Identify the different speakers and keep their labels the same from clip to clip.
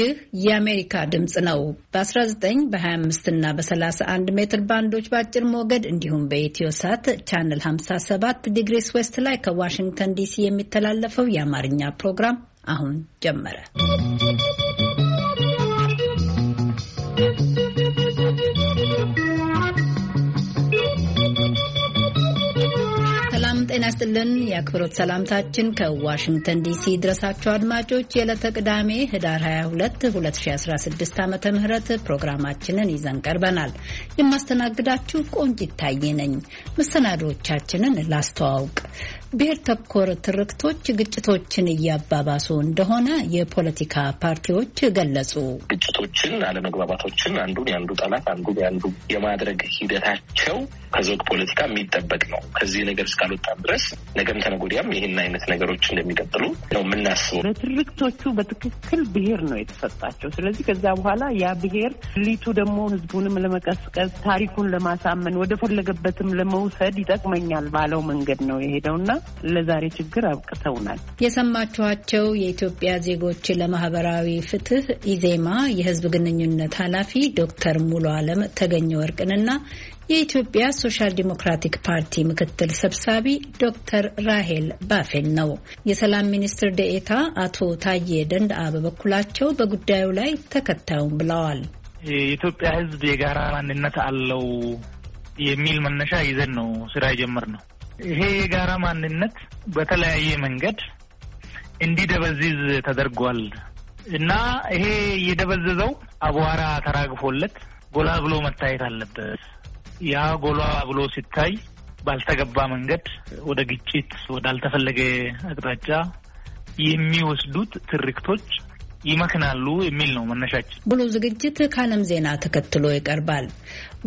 Speaker 1: ይህ የአሜሪካ ድምፅ ነው። በ19 በ25 እና በ31 ሜትር ባንዶች በአጭር ሞገድ እንዲሁም በኢትዮ ሳት ቻነል 57 ዲግሪስ ዌስት ላይ ከዋሽንግተን ዲሲ የሚተላለፈው የአማርኛ ፕሮግራም አሁን ጀመረ። ጤና ስጥልን የአክብሮት ሰላምታችን ከዋሽንግተን ዲሲ ድረሳቸው አድማጮች የዕለተ ቅዳሜ ህዳር 22 2016 ዓ ም ፕሮግራማችንን ይዘን ቀርበናል። የማስተናግዳችሁ ቆንጅ ታዬ ነኝ። መሰናዶዎቻችንን ላስተዋውቅ። ብሔር ተኮር ትርክቶች ግጭቶችን እያባባሱ እንደሆነ የፖለቲካ ፓርቲዎች ገለጹ።
Speaker 2: ግጭቶችን፣ አለመግባባቶችን አንዱን የአንዱ ጠላት አንዱን የአንዱ የማድረግ ሂደታቸው ከዘውግ ፖለቲካ የሚጠበቅ ነው። ከዚህ ነገር እስካልወጣን ድረስ ነገም ተነጎዲያም ይህን አይነት
Speaker 3: ነገሮች እንደሚቀጥሉ ነው የምናስበው። በትርክቶቹ በትክክል ብሔር ነው የተሰጣቸው። ስለዚህ ከዛ በኋላ ያ ብሔር ሊቱ ደግሞ ህዝቡንም ለመቀስቀስ ታሪኩን ለማሳመን ወደ ፈለገበትም ለመውሰድ ይጠቅመኛል ባለው መንገድ ነው የሄደው የሄደውና ለዛሬ ችግር
Speaker 1: አብቅተውናል። የሰማችኋቸው የኢትዮጵያ ዜጎች ለማህበራዊ ፍትህ ኢዜማ የህዝብ ግንኙነት ኃላፊ ዶክተር ሙሉ አለም ተገኘ ወርቅንና የኢትዮጵያ ሶሻል ዲሞክራቲክ ፓርቲ ምክትል ሰብሳቢ ዶክተር ራሄል ባፌን ነው። የሰላም ሚኒስትር ደኤታ አቶ ታዬ ደንደአ በበኩላቸው በጉዳዩ ላይ ተከታዩም ብለዋል።
Speaker 4: የኢትዮጵያ ህዝብ የጋራ ማንነት አለው የሚል መነሻ ይዘን ነው ስራ የጀመርነው። ይሄ የጋራ ማንነት በተለያየ መንገድ እንዲደበዝዝ ተደርጓል እና ይሄ የደበዘዘው አቧራ ተራግፎለት ጎላ ብሎ መታየት አለበት። ያ ጎላ ብሎ ሲታይ ባልተገባ መንገድ ወደ ግጭት፣ ወዳልተፈለገ አቅጣጫ የሚወስዱት ትርክቶች ይመክናሉ የሚል ነው
Speaker 1: መነሻችን። ብሉ ዝግጅት ከዓለም ዜና ተከትሎ ይቀርባል።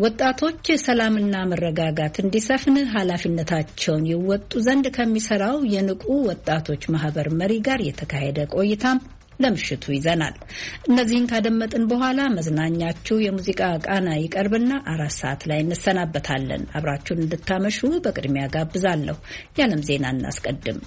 Speaker 1: ወጣቶች ሰላምና መረጋጋት እንዲሰፍን ኃላፊነታቸውን ይወጡ ዘንድ ከሚሰራው የንቁ ወጣቶች ማህበር መሪ ጋር የተካሄደ ቆይታም ለምሽቱ ይዘናል። እነዚህን ካደመጥን በኋላ መዝናኛችሁ የሙዚቃ ቃና ይቀርብና አራት ሰዓት ላይ እንሰናበታለን። አብራችሁን እንድታመሹ በቅድሚያ ጋብዛለሁ። የዓለም ዜና እናስቀድም።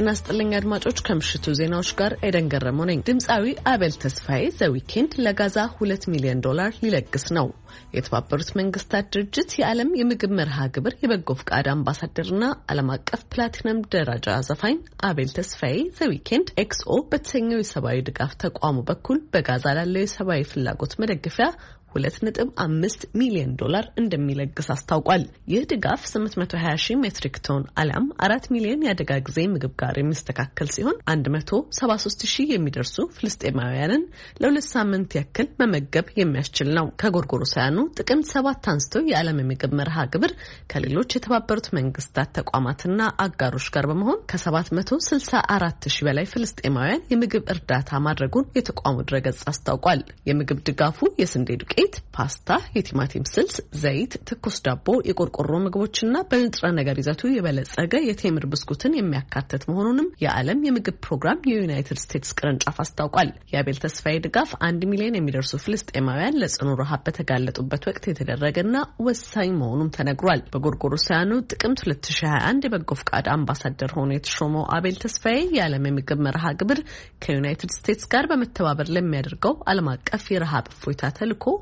Speaker 5: ጤና ስጥልኝ አድማጮች፣ ከምሽቱ ዜናዎች ጋር ኤደን ገረመው ነኝ። ድምፃዊ አቤል ተስፋዬ ዘዊኬንድ ለጋዛ ሁለት ሚሊዮን ዶላር ሊለግስ ነው። የተባበሩት መንግስታት ድርጅት የዓለም የምግብ መርሃ ግብር የበጎ ፍቃድ አምባሳደርና ዓለም አቀፍ ፕላቲነም ደረጃ ዘፋኝ አቤል ተስፋዬ ዘዊኬንድ ኤክስኦ በተሰኘው የሰብአዊ ድጋፍ ተቋሙ በኩል በጋዛ ላለው የሰብአዊ ፍላጎት መደገፊያ 2.5 ሚሊዮን ዶላር እንደሚለግስ አስታውቋል። ይህ ድጋፍ 820 ሺህ ሜትሪክ ቶን አሊያም 4 ሚሊዮን የአደጋ ጊዜ ምግብ ጋር የሚስተካከል ሲሆን 173 ሺህ የሚደርሱ ፍልስጤማውያንን ለሁለት ሳምንት ያክል መመገብ የሚያስችል ነው። ከጎርጎሮሳውያኑ ጥቅምት ሰባት አንስቶ የዓለም የምግብ መርሃ ግብር ከሌሎች የተባበሩት መንግስታት ተቋማትና አጋሮች ጋር በመሆን ከ764 ሺህ በላይ ፍልስጤማውያን የምግብ እርዳታ ማድረጉን የተቋሙ ድረገጽ አስታውቋል። የምግብ ድጋፉ የስንዴ ዱቄ ዱቄት፣ ፓስታ፣ የቲማቲም ስልስ፣ ዘይት፣ ትኩስ ዳቦ፣ የቆርቆሮ ምግቦችና በንጥረ ነገር ይዘቱ የበለጸገ የቴምር ብስኩትን የሚያካትት መሆኑንም የዓለም የምግብ ፕሮግራም የዩናይትድ ስቴትስ ቅርንጫፍ አስታውቋል። የአቤል ተስፋዬ ድጋፍ አንድ ሚሊዮን የሚደርሱ ፍልስጤማውያን ለጽኑ ረሃብ በተጋለጡበት ወቅት የተደረገና ወሳኝ መሆኑም ተነግሯል። በጎርጎሮሳውያኑ ጥቅምት 2021 የበጎ ፈቃድ አምባሳደር ሆኖ የተሾመው አቤል ተስፋዬ የዓለም የምግብ መርሃ ግብር ከዩናይትድ ስቴትስ ጋር በመተባበር ለሚያደርገው ዓለም አቀፍ የረሃብ እፎይታ ተልዕኮ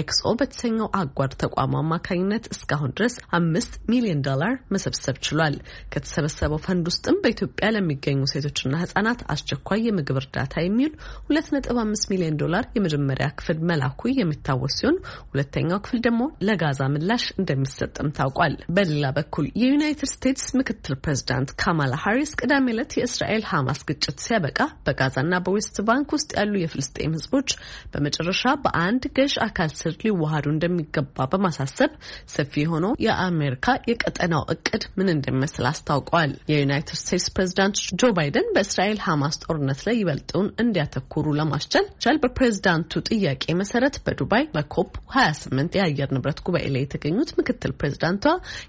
Speaker 5: ኤክስኦ በተሰኘው አጓድ ተቋሙ አማካኝነት እስካሁን ድረስ አምስት ሚሊዮን ዶላር መሰብሰብ ችሏል። ከተሰበሰበው ፈንድ ውስጥም በኢትዮጵያ ለሚገኙ ሴቶችና ህጻናት አስቸኳይ የምግብ እርዳታ የሚውል ሁለት ነጥብ አምስት ሚሊዮን ዶላር የመጀመሪያ ክፍል መላኩ የሚታወስ ሲሆን ሁለተኛው ክፍል ደግሞ ለጋዛ ምላሽ እንደሚሰጥም ታውቋል። በሌላ በኩል የዩናይትድ ስቴትስ ምክትል ፕሬዚዳንት ካማላ ሃሪስ ቅዳሜ ዕለት የእስራኤል ሐማስ ግጭት ሲያበቃ በጋዛና በዌስት ባንክ ውስጥ ያሉ የፍልስጤም ህዝቦች በመጨረሻ በአንድ ገዥ አካል እቅድ ሊዋሃዱ እንደሚገባ በማሳሰብ ሰፊ የሆነው የአሜሪካ የቀጠናው እቅድ ምን እንደሚመስል አስታውቀዋል። የዩናይትድ ስቴትስ ፕሬዚዳንት ጆ ባይደን በእስራኤል ሐማስ ጦርነት ላይ ይበልጠውን እንዲያተኩሩ ለማስቻል በፕሬዚዳንቱ ጥያቄ መሰረት በዱባይ በኮፕ 28 የአየር ንብረት ጉባኤ ላይ የተገኙት ምክትል ፕሬዚዳንቷ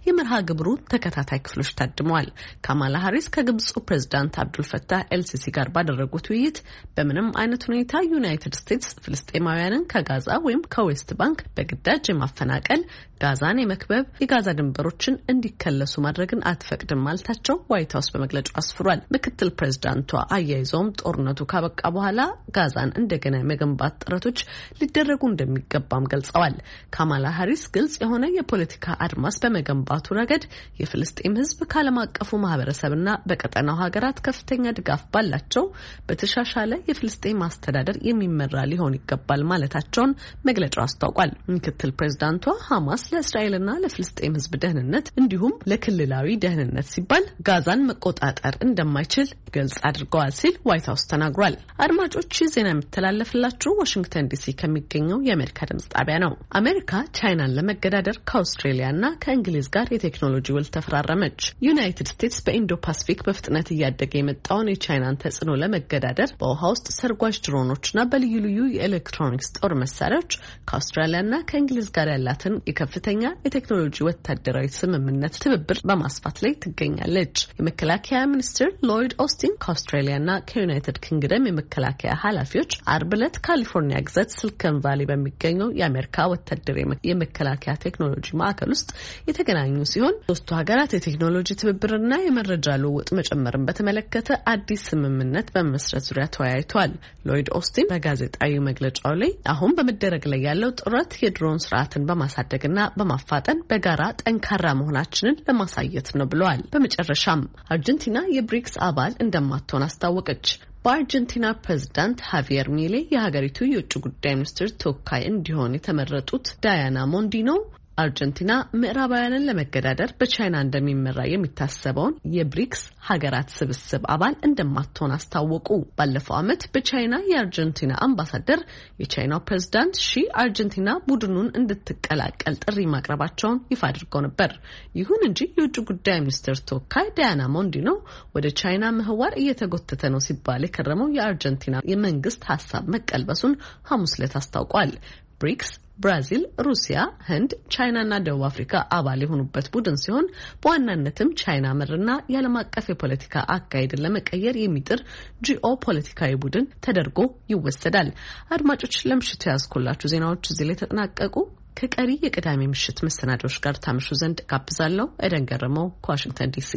Speaker 5: የመርሃ ግብሩ ተከታታይ ክፍሎች ታድመዋል። ካማላ ሀሪስ ከግብፁ ፕሬዚዳንት አብዱልፈታህ ኤልሲሲ ጋር ባደረጉት ውይይት በምንም አይነት ሁኔታ ዩናይትድ ስቴትስ ፍልስጤማውያንን ከጋዛ ወይም ከወ መንግስት ባንክ በግዳጅ የማፈናቀል ጋዛን የመክበብ የጋዛ ድንበሮችን እንዲከለሱ ማድረግን አትፈቅድም ማለታቸው ዋይት ሀውስ በመግለጫው አስፍሯል። ምክትል ፕሬዚዳንቷ አያይዘውም ጦርነቱ ካበቃ በኋላ ጋዛን እንደገና የመገንባት ጥረቶች ሊደረጉ እንደሚገባም ገልጸዋል። ካማላ ሀሪስ ግልጽ የሆነ የፖለቲካ አድማስ በመገንባቱ ረገድ የፍልስጤም ህዝብ ከዓለም አቀፉ ማህበረሰብና በቀጠናው ሀገራት ከፍተኛ ድጋፍ ባላቸው በተሻሻለ የፍልስጤም አስተዳደር የሚመራ ሊሆን ይገባል ማለታቸውን መግለጫው አስታውቋል። ምክትል ፕሬዚዳንቷ ሀማስ ለእስራኤልና ለፍልስጤም ህዝብ ደህንነት እንዲሁም ለክልላዊ ደህንነት ሲባል ጋዛን መቆጣጠር እንደማይችል ግልጽ አድርገዋል ሲል ዋይት ሀውስ ተናግሯል። አድማጮች ዜና የሚተላለፍላችሁ ዋሽንግተን ዲሲ ከሚገኘው የአሜሪካ ድምጽ ጣቢያ ነው። አሜሪካ ቻይናን ለመገዳደር ከአውስትሬሊያና ከእንግሊዝ ጋር የቴክኖሎጂ ውል ተፈራረመች። ዩናይትድ ስቴትስ በኢንዶ ፓስፊክ በፍጥነት እያደገ የመጣውን የቻይናን ተጽዕኖ ለመገዳደር በውሃ ውስጥ ሰርጓጅ ድሮኖችና በልዩ ልዩ የኤሌክትሮኒክስ ጦር መሳሪያዎች ከአውስትራሊያና ከእንግሊዝ ጋር ያላትን የከፍ ከፍተኛ የቴክኖሎጂ ወታደራዊ ስምምነት ትብብር በማስፋት ላይ ትገኛለች። የመከላከያ ሚኒስትር ሎይድ ኦስቲን ከአውስትራሊያና ከዩናይትድ ኪንግደም የመከላከያ ኃላፊዎች አርብ ዕለት ካሊፎርኒያ ግዛት ስልከን ቫሊ በሚገኘው የአሜሪካ ወታደር የመከላከያ ቴክኖሎጂ ማዕከል ውስጥ የተገናኙ ሲሆን ሶስቱ ሀገራት የቴክኖሎጂ ትብብርና የመረጃ ልውውጥ መጨመርን በተመለከተ አዲስ ስምምነት በመስረት ዙሪያ ተወያይቷል። ሎይድ ኦስቲን በጋዜጣዊ መግለጫው ላይ አሁን በመደረግ ላይ ያለው ጥረት የድሮን ስርዓትን በማሳደግና በማፋጠን በጋራ ጠንካራ መሆናችንን ለማሳየት ነው ብለዋል። በመጨረሻም አርጀንቲና የብሪክስ አባል እንደማትሆን አስታወቀች። በአርጀንቲና ፕሬዝዳንት ሃቪየር ሚሌ የሀገሪቱ የውጭ ጉዳይ ሚኒስትር ተወካይ እንዲሆን የተመረጡት ዳያና ሞንዲኖ አርጀንቲና ምዕራባውያንን ለመገዳደር በቻይና እንደሚመራ የሚታሰበውን የብሪክስ ሀገራት ስብስብ አባል እንደማትሆን አስታወቁ። ባለፈው ዓመት በቻይና የአርጀንቲና አምባሳደር የቻይናው ፕሬዝዳንት ሺ አርጀንቲና ቡድኑን እንድትቀላቀል ጥሪ ማቅረባቸውን ይፋ አድርገው ነበር። ይሁን እንጂ የውጭ ጉዳይ ሚኒስትር ተወካይ ዳያና ሞንዲኖ ወደ ቻይና ምህዋር እየተጎተተ ነው ሲባል የከረመው የአርጀንቲና የመንግስት ሀሳብ መቀልበሱን ሐሙስ ዕለት አስታውቋል። ብሪክስ ብራዚል፣ ሩሲያ፣ ህንድ፣ ቻይናና ደቡብ አፍሪካ አባል የሆኑበት ቡድን ሲሆን በዋናነትም ቻይና መርና የዓለም አቀፍ የፖለቲካ አካሄድን ለመቀየር የሚጥር ጂኦ ፖለቲካዊ ቡድን ተደርጎ ይወሰዳል። አድማጮች ለምሽቱ ያዝኩላችሁ ዜናዎች እዚህ ላይ ተጠናቀቁ። ከቀሪ የቅዳሜ ምሽት መሰናዶዎች ጋር ታምሹ ዘንድ ጋብዛለሁ። ኤደን ገረመው ከዋሽንግተን ዲሲ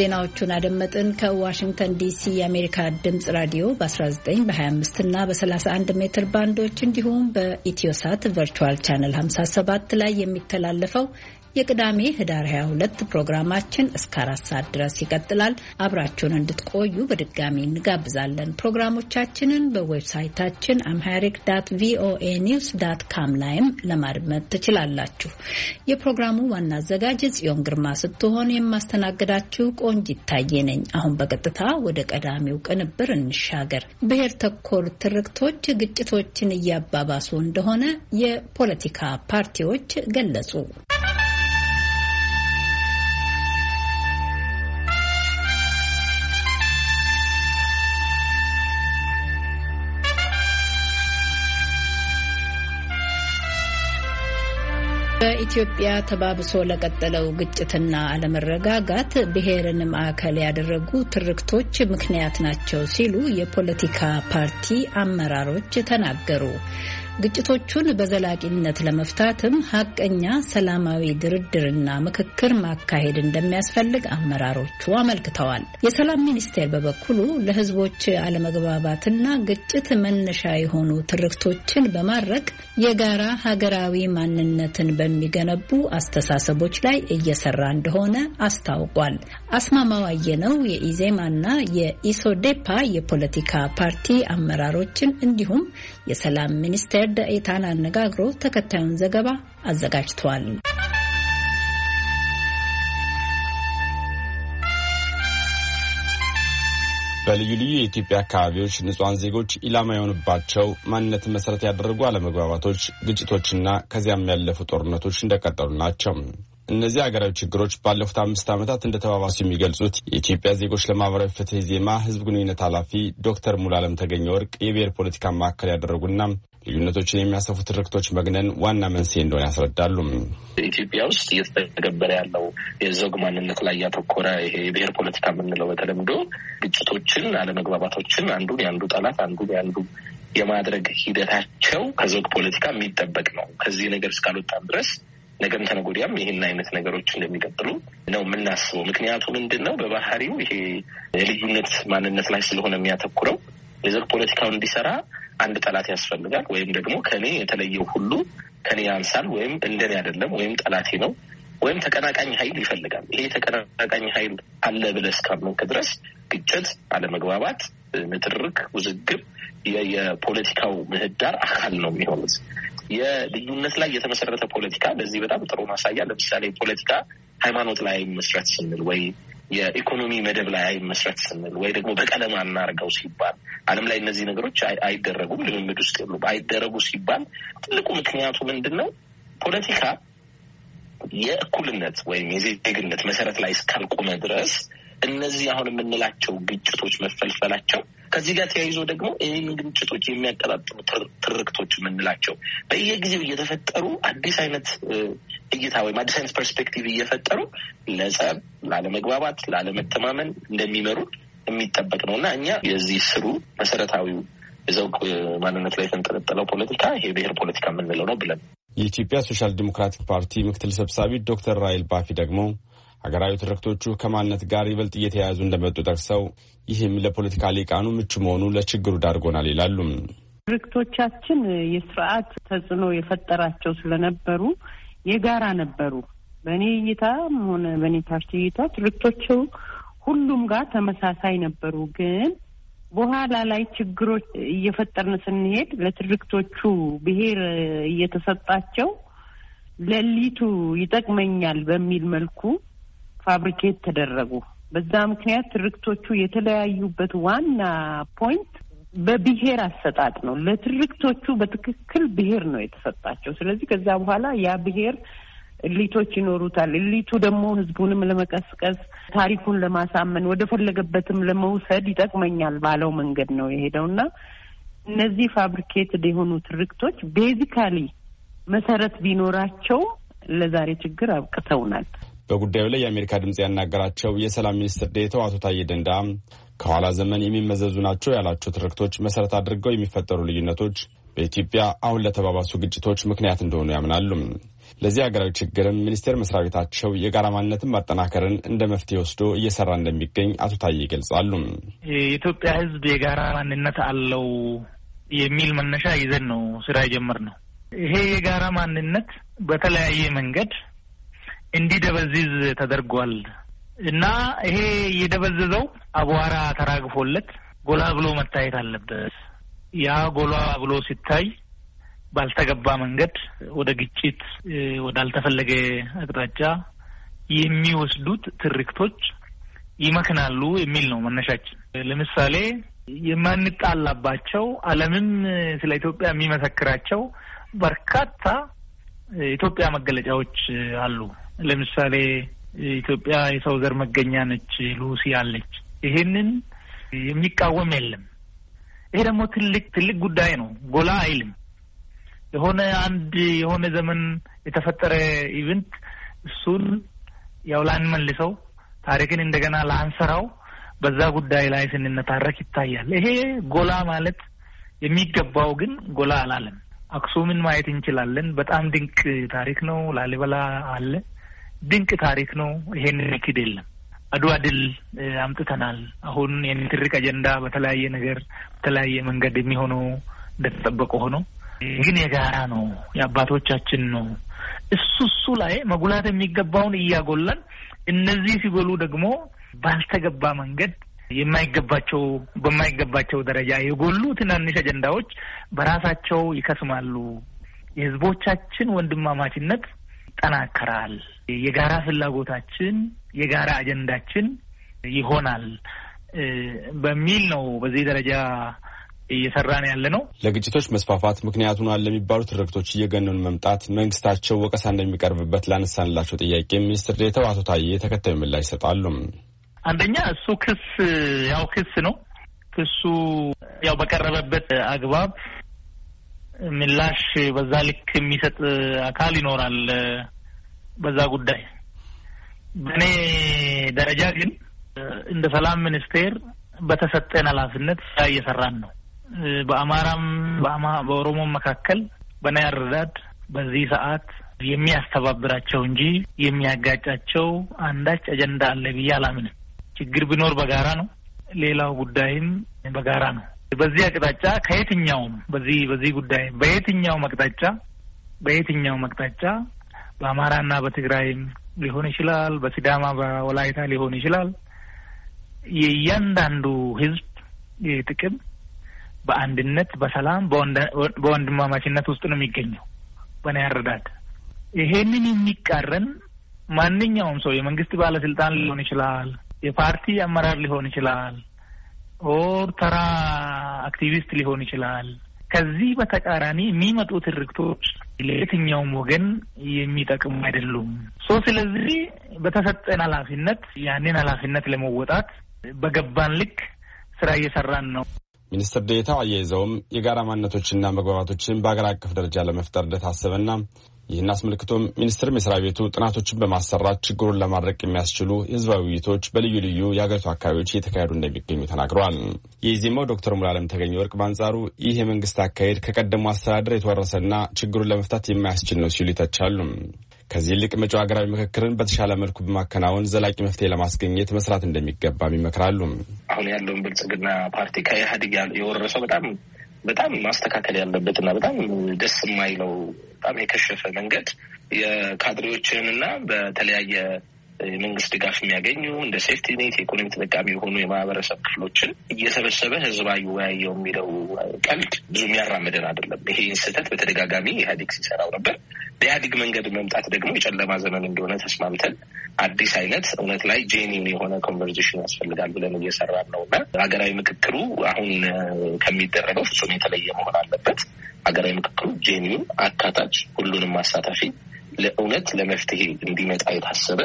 Speaker 1: ዜናዎቹን አደመጥን። ከዋሽንግተን ዲሲ የአሜሪካ ድምጽ ራዲዮ በ19 በ25 እና በ31 ሜትር ባንዶች እንዲሁም በኢትዮሳት ቨርቹዋል ቻነል 57 ላይ የሚተላለፈው የቅዳሜ ህዳር 22 ፕሮግራማችን እስከ አራት ሰዓት ድረስ ይቀጥላል። አብራችሁን እንድትቆዩ በድጋሚ እንጋብዛለን። ፕሮግራሞቻችንን በዌብሳይታችን አምሃሪክ ዳት ቪኦኤ ኒውስ ዳት ካም ላይም ለማድመጥ ትችላላችሁ። የፕሮግራሙ ዋና አዘጋጅ ጽዮን ግርማ ስትሆን የማስተናግዳችሁ ቆንጅ ይታየ ነኝ። አሁን በቀጥታ ወደ ቀዳሚው ቅንብር እንሻገር። ብሔር ተኮር ትርክቶች ግጭቶችን እያባባሱ እንደሆነ የፖለቲካ ፓርቲዎች ገለጹ። በኢትዮጵያ ተባብሶ ለቀጠለው ግጭትና አለመረጋጋት ብሔርን ማዕከል ያደረጉ ትርክቶች ምክንያት ናቸው ሲሉ የፖለቲካ ፓርቲ አመራሮች ተናገሩ። ግጭቶቹን በዘላቂነት ለመፍታትም ሀቀኛ ሰላማዊ ድርድርና ምክክር ማካሄድ እንደሚያስፈልግ አመራሮቹ አመልክተዋል። የሰላም ሚኒስቴር በበኩሉ ለሕዝቦች አለመግባባትና ግጭት መነሻ የሆኑ ትርክቶችን በማድረግ የጋራ ሀገራዊ ማንነትን በሚገነቡ አስተሳሰቦች ላይ እየሰራ እንደሆነ አስታውቋል። አስማማው አየነው የኢዜማና የኢሶዴፓ የፖለቲካ ፓርቲ አመራሮችን እንዲሁም የሰላም ሚኒስቴር ታደሰ ኤታን አነጋግሮ ተከታዩን ዘገባ አዘጋጅተዋል።
Speaker 6: በልዩ ልዩ የኢትዮጵያ አካባቢዎች ንጹሐን ዜጎች ኢላማ የሆኑባቸው ማንነት መሰረት ያደረጉ አለመግባባቶች፣ ግጭቶችና ከዚያም ያለፉ ጦርነቶች እንደቀጠሉ ናቸው። እነዚህ ሀገራዊ ችግሮች ባለፉት አምስት ዓመታት እንደተባባሱ የሚገልጹት የኢትዮጵያ ዜጎች ለማህበራዊ ፍትህ ዜማ ህዝብ ግንኙነት ኃላፊ ዶክተር ሙሉዓለም ተገኘ ወርቅ የብሔር ፖለቲካ ማዕከል ያደረጉና ልዩነቶችን የሚያሰፉ ትርክቶች መግነን ዋና መንስኤ እንደሆነ ያስረዳሉ።
Speaker 2: ኢትዮጵያ ውስጥ እየተተገበረ ያለው የዘውግ ማንነት ላይ ያተኮረ ይሄ የብሔር ፖለቲካ የምንለው በተለምዶ ግጭቶችን፣ አለመግባባቶችን አንዱን የአንዱ ጠላት አንዱን የአንዱ የማድረግ ሂደታቸው ከዘውግ ፖለቲካ የሚጠበቅ ነው። ከዚህ ነገር እስካልወጣን ድረስ ነገም ተነጎዲያም ይህን አይነት ነገሮች እንደሚቀጥሉ ነው የምናስበው። ምክንያቱ ምንድን ነው? በባህሪው ይሄ የልዩነት ማንነት ላይ ስለሆነ የሚያተኩረው የዘውግ ፖለቲካውን እንዲሰራ አንድ ጠላት ያስፈልጋል ወይም ደግሞ ከኔ የተለየው ሁሉ ከኔ ያንሳል ወይም እንደኔ አይደለም ወይም ጠላቴ ነው ወይም ተቀናቃኝ ኃይል ይፈልጋል። ይሄ ተቀናቃኝ ኃይል አለ ብለህ እስካመንክ ድረስ ግጭት፣ አለመግባባት፣ ንትርክ፣ ውዝግብ የፖለቲካው ምህዳር አካል ነው የሚሆኑት። የልዩነት ላይ የተመሰረተ ፖለቲካ ለዚህ በጣም ጥሩ ማሳያ ለምሳሌ ፖለቲካ ሃይማኖት ላይ መስረት ስንል ወይ የኢኮኖሚ መደብ ላይ አይመስረት ስንል ወይ ደግሞ በቀለም አናርገው ሲባል ዓለም ላይ እነዚህ ነገሮች አይደረጉም፣ ልምምድ ውስጥ የሉም። አይደረጉ ሲባል ትልቁ ምክንያቱ ምንድን ነው? ፖለቲካ የእኩልነት ወይም የዜግነት መሰረት ላይ እስካልቆመ ድረስ እነዚህ አሁን የምንላቸው ግጭቶች መፈልፈላቸው ከዚህ ጋር ተያይዞ ደግሞ ይህን ግጭቶች የሚያቀጣጥሉ ትርክቶች የምንላቸው በየጊዜው እየተፈጠሩ አዲስ አይነት እይታ ወይም አዲስ አይነት ፐርስፔክቲቭ እየፈጠሩ ለጸብ፣ ላለመግባባት፣ ላለመተማመን እንደሚመሩ የሚጠበቅ ነው እና እኛ የዚህ ስሩ መሰረታዊው የዘውግ ማንነት ላይ የተንጠለጠለው ፖለቲካ ይሄ ብሔር ፖለቲካ የምንለው ነው ብለን
Speaker 6: የኢትዮጵያ ሶሻል ዲሞክራቲክ ፓርቲ ምክትል ሰብሳቢ ዶክተር ራይል ባፊ ደግሞ ሀገራዊ ትርክቶቹ ከማንነት ጋር ይበልጥ እየተያያዙ እንደመጡ ጠቅሰው ይህም ለፖለቲካ ሊቃኑ ምቹ መሆኑ ለችግሩ ዳርጎናል ይላሉም።
Speaker 3: ትርክቶቻችን የስርዓት ተጽዕኖ የፈጠራቸው ስለነበሩ የጋራ ነበሩ። በእኔ እይታ ሆነ በእኔ ፓርቲ እይታ ትርክቶቹ ሁሉም ጋር ተመሳሳይ ነበሩ። ግን በኋላ ላይ ችግሮች እየፈጠርን ስንሄድ ለትርክቶቹ ብሔር እየተሰጣቸው ለሊቱ ይጠቅመኛል በሚል መልኩ ፋብሪኬት ተደረጉ። በዛ ምክንያት ትርክቶቹ የተለያዩበት ዋና ፖይንት በብሔር አሰጣጥ ነው። ለትርክቶቹ በትክክል ብሔር ነው የተሰጣቸው። ስለዚህ ከዛ በኋላ ያ ብሔር እሊቶች ይኖሩታል። እሊቱ ደግሞ ህዝቡንም ለመቀስቀስ ታሪኩን ለማሳመን ወደ ፈለገበትም ለመውሰድ ይጠቅመኛል ባለው መንገድ ነው የሄደውና እነዚህ ፋብሪኬትድ የሆኑ ትርክቶች ቤዚካሊ መሰረት ቢኖራቸው ለዛሬ ችግር አብቅተውናል።
Speaker 6: በጉዳዩ ላይ የአሜሪካ ድምጽ ያናገራቸው የሰላም ሚኒስትር ዴኤታው አቶ ታዬ ደንዳ ከኋላ ዘመን የሚመዘዙ ናቸው ያላቸው ትርክቶች መሰረት አድርገው የሚፈጠሩ ልዩነቶች በኢትዮጵያ አሁን ለተባባሱ ግጭቶች ምክንያት እንደሆኑ ያምናሉ። ለዚህ ሀገራዊ ችግርም ሚኒስቴር መስሪያ ቤታቸው የጋራ ማንነትን ማጠናከርን እንደ መፍትሄ ወስዶ እየሰራ እንደሚገኝ አቶ ታዬ ይገልጻሉ።
Speaker 4: የኢትዮጵያ ሕዝብ የጋራ ማንነት አለው የሚል መነሻ ይዘን ነው ስራ የጀመርነው። ይሄ የጋራ ማንነት በተለያየ መንገድ እንዲደበዝዝ ተደርጓል። እና ይሄ የደበዘዘው አቧራ ተራግፎለት ጎላ ብሎ መታየት አለበት። ያ ጎላ ብሎ ሲታይ ባልተገባ መንገድ ወደ ግጭት፣ ወዳልተፈለገ አቅጣጫ የሚወስዱት ትርክቶች ይመክናሉ የሚል ነው መነሻችን። ለምሳሌ የማንጣላባቸው ዓለምም ስለ ኢትዮጵያ የሚመሰክራቸው በርካታ ኢትዮጵያ መገለጫዎች አሉ። ለምሳሌ ኢትዮጵያ የሰው ዘር መገኛ ነች፣ ሉሲ አለች። ይሄንን የሚቃወም የለም። ይሄ ደግሞ ትልቅ ትልቅ ጉዳይ ነው። ጎላ አይልም። የሆነ አንድ የሆነ ዘመን የተፈጠረ ኢቨንት እሱን ያው ላንመልሰው፣ ታሪክን እንደገና ላንሰራው፣ በዛ ጉዳይ ላይ ስንነታረክ ይታያል። ይሄ ጎላ ማለት የሚገባው ግን ጎላ አላለም። አክሱምን ማየት እንችላለን። በጣም ድንቅ ታሪክ ነው። ላሊበላ አለ። ድንቅ ታሪክ ነው። ይሄን ንክድ የለም። አድዋ ድል አምጥተናል። አሁን የንትርክ አጀንዳ በተለያየ ነገር በተለያየ መንገድ የሚሆነው እንደተጠበቀ ሆኖ ግን የጋራ ነው፣ የአባቶቻችን ነው። እሱ እሱ ላይ መጉላት የሚገባውን እያጎላን እነዚህ ሲጎሉ ደግሞ ባልተገባ መንገድ የማይገባቸው በማይገባቸው ደረጃ የጎሉ ትናንሽ አጀንዳዎች በራሳቸው ይከስማሉ። የህዝቦቻችን ወንድማማችነት ይጠናከራል። የጋራ ፍላጎታችን የጋራ አጀንዳችን ይሆናል በሚል ነው በዚህ ደረጃ እየሰራን ያለ ነው።
Speaker 6: ለግጭቶች መስፋፋት ምክንያቱን አለ የሚባሉ ትርክቶች እየገነኑ መምጣት መንግስታቸው ወቀሳ እንደሚቀርብበት ላነሳንላቸው ጥያቄ ሚኒስትር ዴኤታው አቶ ታዬ ተከታዩ ምላሽ ይሰጣሉ።
Speaker 4: አንደኛ እሱ ክስ ያው ክስ ነው። ክሱ ያው በቀረበበት አግባብ ምላሽ በዛ ልክ የሚሰጥ አካል ይኖራል በዛ ጉዳይ። በእኔ ደረጃ ግን እንደ ሰላም ሚኒስቴር በተሰጠን ኃላፊነት ስራ እየሰራን ነው። በአማራም በኦሮሞም መካከል በናይ አረዳድ በዚህ ሰዓት የሚያስተባብራቸው እንጂ የሚያጋጫቸው አንዳች አጀንዳ አለ ብዬ አላምንም። ችግር ቢኖር በጋራ ነው። ሌላው ጉዳይም በጋራ ነው። በዚህ አቅጣጫ ከየትኛውም በዚህ በዚህ ጉዳይ በየትኛውም አቅጣጫ በየትኛውም አቅጣጫ በአማራና በትግራይም ሊሆን ይችላል፣ በሲዳማ በወላይታ ሊሆን ይችላል። የእያንዳንዱ ህዝብ ጥቅም በአንድነት በሰላም በወንድማማችነት ውስጥ ነው የሚገኘው። በእኔ አረዳድ ይሄንን የሚቃረን ማንኛውም ሰው የመንግስት ባለስልጣን ሊሆን ይችላል፣ የፓርቲ አመራር ሊሆን ይችላል፣ ኦር ተራ አክቲቪስት ሊሆን ይችላል። ከዚህ በተቃራኒ የሚመጡት ትርክቶች ለየትኛውም ወገን የሚጠቅሙ አይደሉም። ሶ ስለዚህ በተሰጠን ኃላፊነት ያንን ኃላፊነት ለመወጣት
Speaker 6: በገባን ልክ ስራ እየሰራን ነው። ሚኒስትር ዴታው አያይዘውም የጋራ ማንነቶችና መግባባቶችን በሀገር አቀፍ ደረጃ ለመፍጠር እንደታሰበና ይህን አስመልክቶም ሚኒስቴር መስሪያ ቤቱ ጥናቶችን በማሰራት ችግሩን ለማድረቅ የሚያስችሉ የህዝባዊ ውይይቶች በልዩ ልዩ የአገሪቱ አካባቢዎች እየተካሄዱ እንደሚገኙ ተናግረዋል። የኢዜማው ዶክተር ሙላለም ተገኘ ወርቅ በአንጻሩ ይህ የመንግስት አካሄድ ከቀደሙ አስተዳደር የተወረሰና ችግሩን ለመፍታት የማያስችል ነው ሲሉ ይተቻሉ። ከዚህ ይልቅ መጪው ሀገራዊ ምክክርን በተሻለ መልኩ በማከናወን ዘላቂ መፍትሄ ለማስገኘት መስራት እንደሚገባም ይመክራሉ።
Speaker 2: አሁን ያለውን ብልጽግና ፓርቲ ከኢህአዴግ የወረሰው በጣም በጣም ማስተካከል ያለበት እና በጣም ደስ የማይለው በጣም የከሸፈ መንገድ የካድሬዎችን እና በተለያየ የመንግስት ድጋፍ የሚያገኙ እንደ ኔት የኢኮኖሚ ተጠቃሚ የሆኑ የማህበረሰብ ክፍሎችን እየሰበሰበ ህዝብ ይወያየው የሚለው ቀልድ ብዙ የሚያራምደን አይደለም። ይሄ ስህተት በተደጋጋሚ ኢህአዴግ ሲሰራው ነበር። በኢህአዴግ መንገድ መምጣት ደግሞ የጨለማ ዘመን እንደሆነ ተስማምተን አዲስ አይነት እውነት ላይ ጄኒን የሆነ ኮንቨርዜሽን ያስፈልጋል ብለን እየሰራን ነው እና ሀገራዊ ምክክሩ አሁን ከሚደረገው ፍጹም የተለየ መሆን አለበት። ሀገራዊ ምክክሩ ጄኒን፣ አካታች፣ ሁሉንም አሳታፊ ለእውነት ለመፍትሄ እንዲመጣ የታሰበ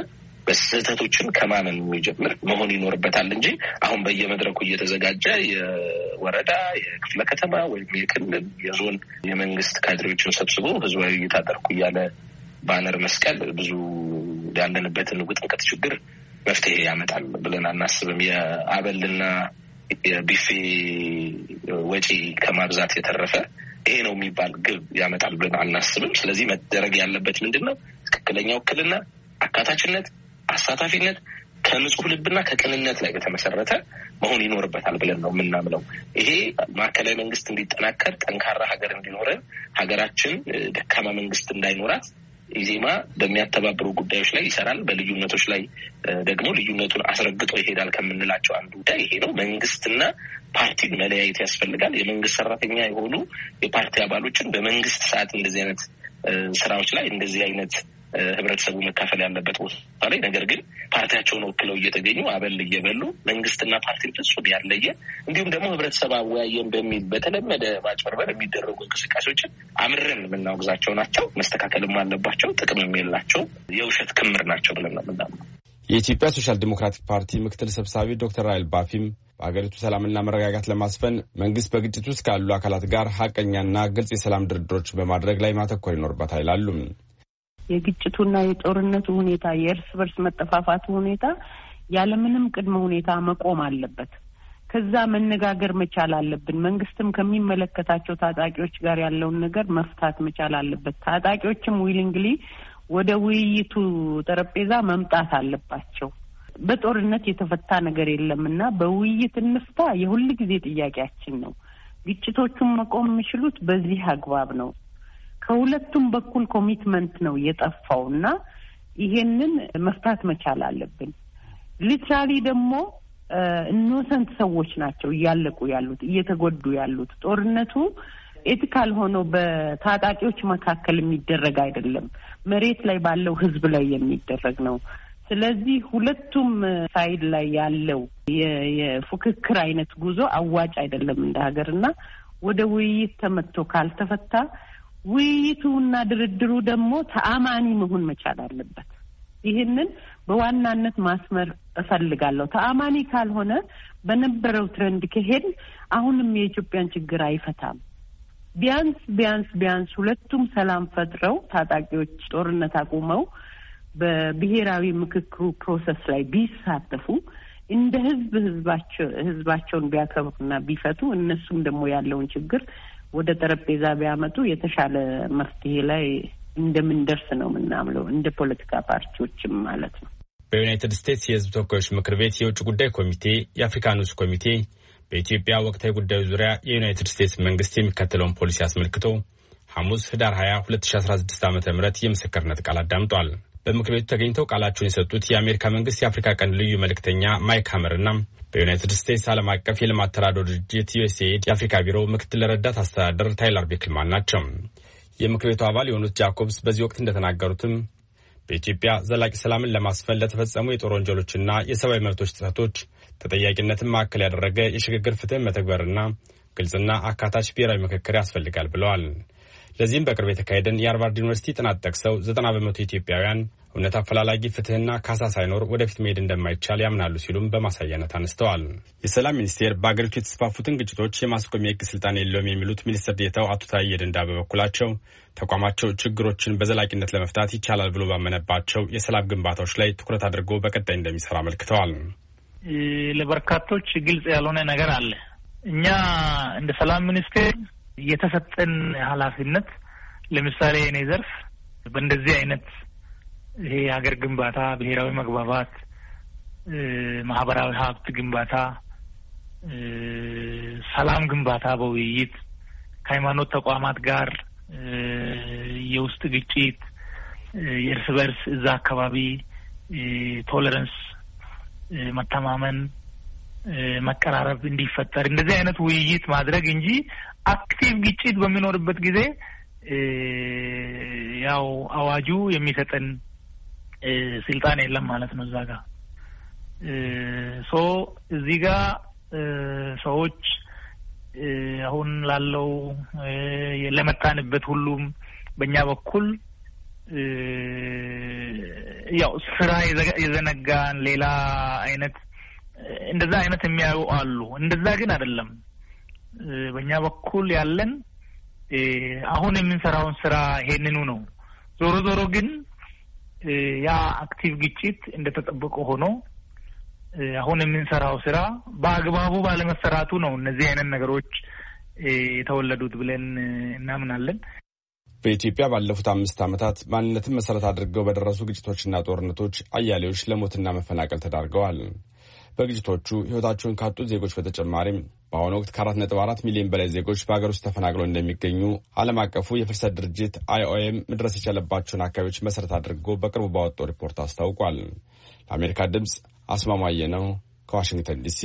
Speaker 2: በስህተቶችን ከማመን የሚጀምር መሆን ይኖርበታል እንጂ አሁን በየመድረኩ እየተዘጋጀ የወረዳ የክፍለ ከተማ ወይም የክልል የዞን የመንግስት ካድሬዎችን ሰብስቦ ህዝባዊ ውይይት አደረኩ እያለ ባነር መስቀል ብዙ ያለንበትን ውጥንቅጥ ችግር መፍትሄ ያመጣል ብለን አናስብም። የአበልና የቢፌ ወጪ ከማብዛት የተረፈ ይሄ ነው የሚባል ግብ ያመጣል ብለን አናስብም። ስለዚህ መደረግ ያለበት ምንድን ነው? ትክክለኛ ውክልና፣ አካታችነት አሳታፊነት ከንጹህ ልብና ከቅንነት ላይ በተመሰረተ መሆን ይኖርበታል ብለን ነው የምናምነው። ይሄ ማዕከላዊ መንግስት እንዲጠናከር፣ ጠንካራ ሀገር እንዲኖረን፣ ሀገራችን ደካማ መንግስት እንዳይኖራት ኢዜማ በሚያተባብሩ ጉዳዮች ላይ ይሰራል። በልዩነቶች ላይ ደግሞ ልዩነቱን አስረግጦ ይሄዳል ከምንላቸው አንዱ ጉዳይ ይሄ ነው። መንግስትና ፓርቲን መለያየት ያስፈልጋል። የመንግስት ሰራተኛ የሆኑ የፓርቲ አባሎችን በመንግስት ሰዓት እንደዚህ አይነት ስራዎች ላይ እንደዚህ አይነት ህብረተሰቡ መካፈል ያለበት ቦታ ላይ ነገር ግን ፓርቲያቸውን ወክለው እየተገኙ አበል እየበሉ መንግስትና ፓርቲን ፍጹም ያለየ እንዲሁም ደግሞ ህብረተሰብ አወያየን በሚል በተለመደ ማጭበርበር የሚደረጉ እንቅስቃሴዎችን አምረን የምናወግዛቸው ናቸው። መስተካከልም አለባቸው። ጥቅምም የላቸው የውሸት ክምር ናቸው ብለን ነው የምናምነው።
Speaker 6: የኢትዮጵያ ሶሻል ዲሞክራቲክ ፓርቲ ምክትል ሰብሳቢ ዶክተር ራይል ባፊም በሀገሪቱ ሰላምና መረጋጋት ለማስፈን መንግስት በግጭት ውስጥ ካሉ አካላት ጋር ሀቀኛና ግልጽ የሰላም ድርድሮች በማድረግ ላይ ማተኮር ይኖርበታል ይላሉም።
Speaker 3: የግጭቱና የጦርነቱ ሁኔታ የእርስ በርስ መጠፋፋቱ ሁኔታ ያለምንም ቅድመ ሁኔታ መቆም አለበት። ከዛ መነጋገር መቻል አለብን። መንግስትም ከሚመለከታቸው ታጣቂዎች ጋር ያለውን ነገር መፍታት መቻል አለበት። ታጣቂዎችም ዊሊንግሊ ወደ ውይይቱ ጠረጴዛ መምጣት አለባቸው። በጦርነት የተፈታ ነገር የለም እና በውይይት እንፍታ የሁል ጊዜ ጥያቄያችን ነው። ግጭቶቹን መቆም የሚችሉት በዚህ አግባብ ነው። ከሁለቱም በኩል ኮሚትመንት ነው የጠፋው እና ይሄንን መፍታት መቻል አለብን። ሊትራሊ ደግሞ ኢኖሰንት ሰዎች ናቸው እያለቁ ያሉት እየተጎዱ ያሉት። ጦርነቱ ኤቲካል ሆኖ በታጣቂዎች መካከል የሚደረግ አይደለም፣ መሬት ላይ ባለው ህዝብ ላይ የሚደረግ ነው። ስለዚህ ሁለቱም ሳይድ ላይ ያለው የፉክክር አይነት ጉዞ አዋጭ አይደለም እንደ ሀገር እና ወደ ውይይት ተመጥቶ ካልተፈታ ውይይቱና ድርድሩ ደግሞ ተአማኒ መሆን መቻል አለበት። ይህንን በዋናነት ማስመር እፈልጋለሁ። ተአማኒ ካልሆነ በነበረው ትረንድ ከሄድ አሁንም የኢትዮጵያን ችግር አይፈታም። ቢያንስ ቢያንስ ቢያንስ ሁለቱም ሰላም ፈጥረው ታጣቂዎች ጦርነት አቁመው በብሔራዊ ምክክሩ ፕሮሰስ ላይ ቢሳተፉ እንደ ህዝብ ህዝባቸው ህዝባቸውን ቢያከብሩና ቢፈቱ እነሱም ደግሞ ያለውን ችግር ወደ ጠረጴዛ ቢያመጡ የተሻለ መፍትሄ ላይ እንደምንደርስ ነው የምናምለው እንደ ፖለቲካ ፓርቲዎችም ማለት ነው።
Speaker 6: በዩናይትድ ስቴትስ የህዝብ ተወካዮች ምክር ቤት የውጭ ጉዳይ ኮሚቴ፣ የአፍሪካ ንዑስ ኮሚቴ በኢትዮጵያ ወቅታዊ ጉዳዩ ዙሪያ የዩናይትድ ስቴትስ መንግስት የሚከተለውን ፖሊሲ አስመልክቶ ሐሙስ ህዳር 20 2016 ዓ ም የምስክርነት ቃል አዳምጧል። በምክር ቤቱ ተገኝተው ቃላቸውን የሰጡት የአሜሪካ መንግስት የአፍሪካ ቀንድ ልዩ መልእክተኛ ማይክ ሀመርና በዩናይትድ ስቴትስ ዓለም አቀፍ የልማት ተራድኦ ድርጅት ዩኤስኤድ የአፍሪካ ቢሮ ምክትል ረዳት አስተዳደር ታይለር ቤክልማን ናቸው። የምክር ቤቱ አባል የሆኑት ጃኮብስ በዚህ ወቅት እንደተናገሩትም በኢትዮጵያ ዘላቂ ሰላምን ለማስፈን ለተፈጸሙ የጦር ወንጀሎችና የሰብአዊ መብቶች ጥሰቶች ተጠያቂነትን ማዕከል ያደረገ የሽግግር ፍትህ መተግበርና ግልጽና አካታች ብሔራዊ ምክክር ያስፈልጋል ብለዋል። ለዚህም በቅርብ የተካሄደን የሃርቫርድ ዩኒቨርሲቲ ጥናት ጠቅሰው ዘጠና በመቶ ኢትዮጵያውያን እውነት አፈላላጊ ፍትህና ካሳ ሳይኖር ወደፊት መሄድ እንደማይቻል ያምናሉ ሲሉም በማሳያነት አነስተዋል። የሰላም ሚኒስቴር በአገሪቱ የተስፋፉትን ግጭቶች የማስቆም የህግ ስልጣን የለውም የሚሉት ሚኒስትር ዴታው አቶ ታዬ ደንዳ በበኩላቸው ተቋማቸው ችግሮችን በዘላቂነት ለመፍታት ይቻላል ብሎ ባመነባቸው የሰላም ግንባታዎች ላይ ትኩረት አድርጎ በቀጣይ እንደሚሰራ አመልክተዋል።
Speaker 4: ለበርካቶች ግልጽ ያልሆነ ነገር አለ። እኛ እንደ ሰላም ሚኒስቴር የተሰጠን ኃላፊነት ለምሳሌ የኔ ዘርፍ በእንደዚህ አይነት ይሄ የሀገር ግንባታ፣ ብሔራዊ መግባባት፣ ማህበራዊ ሀብት ግንባታ፣ ሰላም ግንባታ በውይይት ከሃይማኖት ተቋማት ጋር የውስጥ ግጭት የእርስ በርስ እዛ አካባቢ ቶለረንስ መተማመን መቀራረብ እንዲፈጠር እንደዚህ አይነት ውይይት ማድረግ እንጂ አክቲቭ ግጭት በሚኖርበት ጊዜ ያው አዋጁ የሚሰጠን ስልጣን የለም ማለት ነው። እዛ ጋር ሶ እዚህ ጋ ሰዎች አሁን ላለው ለመጣንበት ሁሉም በእኛ በኩል ያው ስራ የዘነጋን ሌላ አይነት እንደዛ አይነት የሚያዩ አሉ። እንደዛ ግን አይደለም። በእኛ በኩል ያለን አሁን የምንሰራውን ስራ ይሄንኑ ነው። ዞሮ ዞሮ ግን ያ አክቲቭ ግጭት እንደተጠበቀ ሆኖ አሁን የምንሰራው ስራ በአግባቡ ባለመሰራቱ ነው እነዚህ አይነት ነገሮች የተወለዱት ብለን
Speaker 6: እናምናለን። በኢትዮጵያ ባለፉት አምስት ዓመታት ማንነትን መሰረት አድርገው በደረሱ ግጭቶችና ጦርነቶች አያሌዎች ለሞትና መፈናቀል ተዳርገዋል። በግጭቶቹ ሕይወታቸውን ካጡት ዜጎች በተጨማሪም በአሁኑ ወቅት ከአራት ነጥብ አራት ሚሊዮን በላይ ዜጎች በሀገር ውስጥ ተፈናቅለው እንደሚገኙ ዓለም አቀፉ የፍልሰት ድርጅት አይኦኤም መድረስ የቻለባቸውን አካባቢዎች መሰረት አድርጎ በቅርቡ ባወጣው ሪፖርት አስታውቋል። ለአሜሪካ ድምፅ አስማማየ ነው ከዋሽንግተን ዲሲ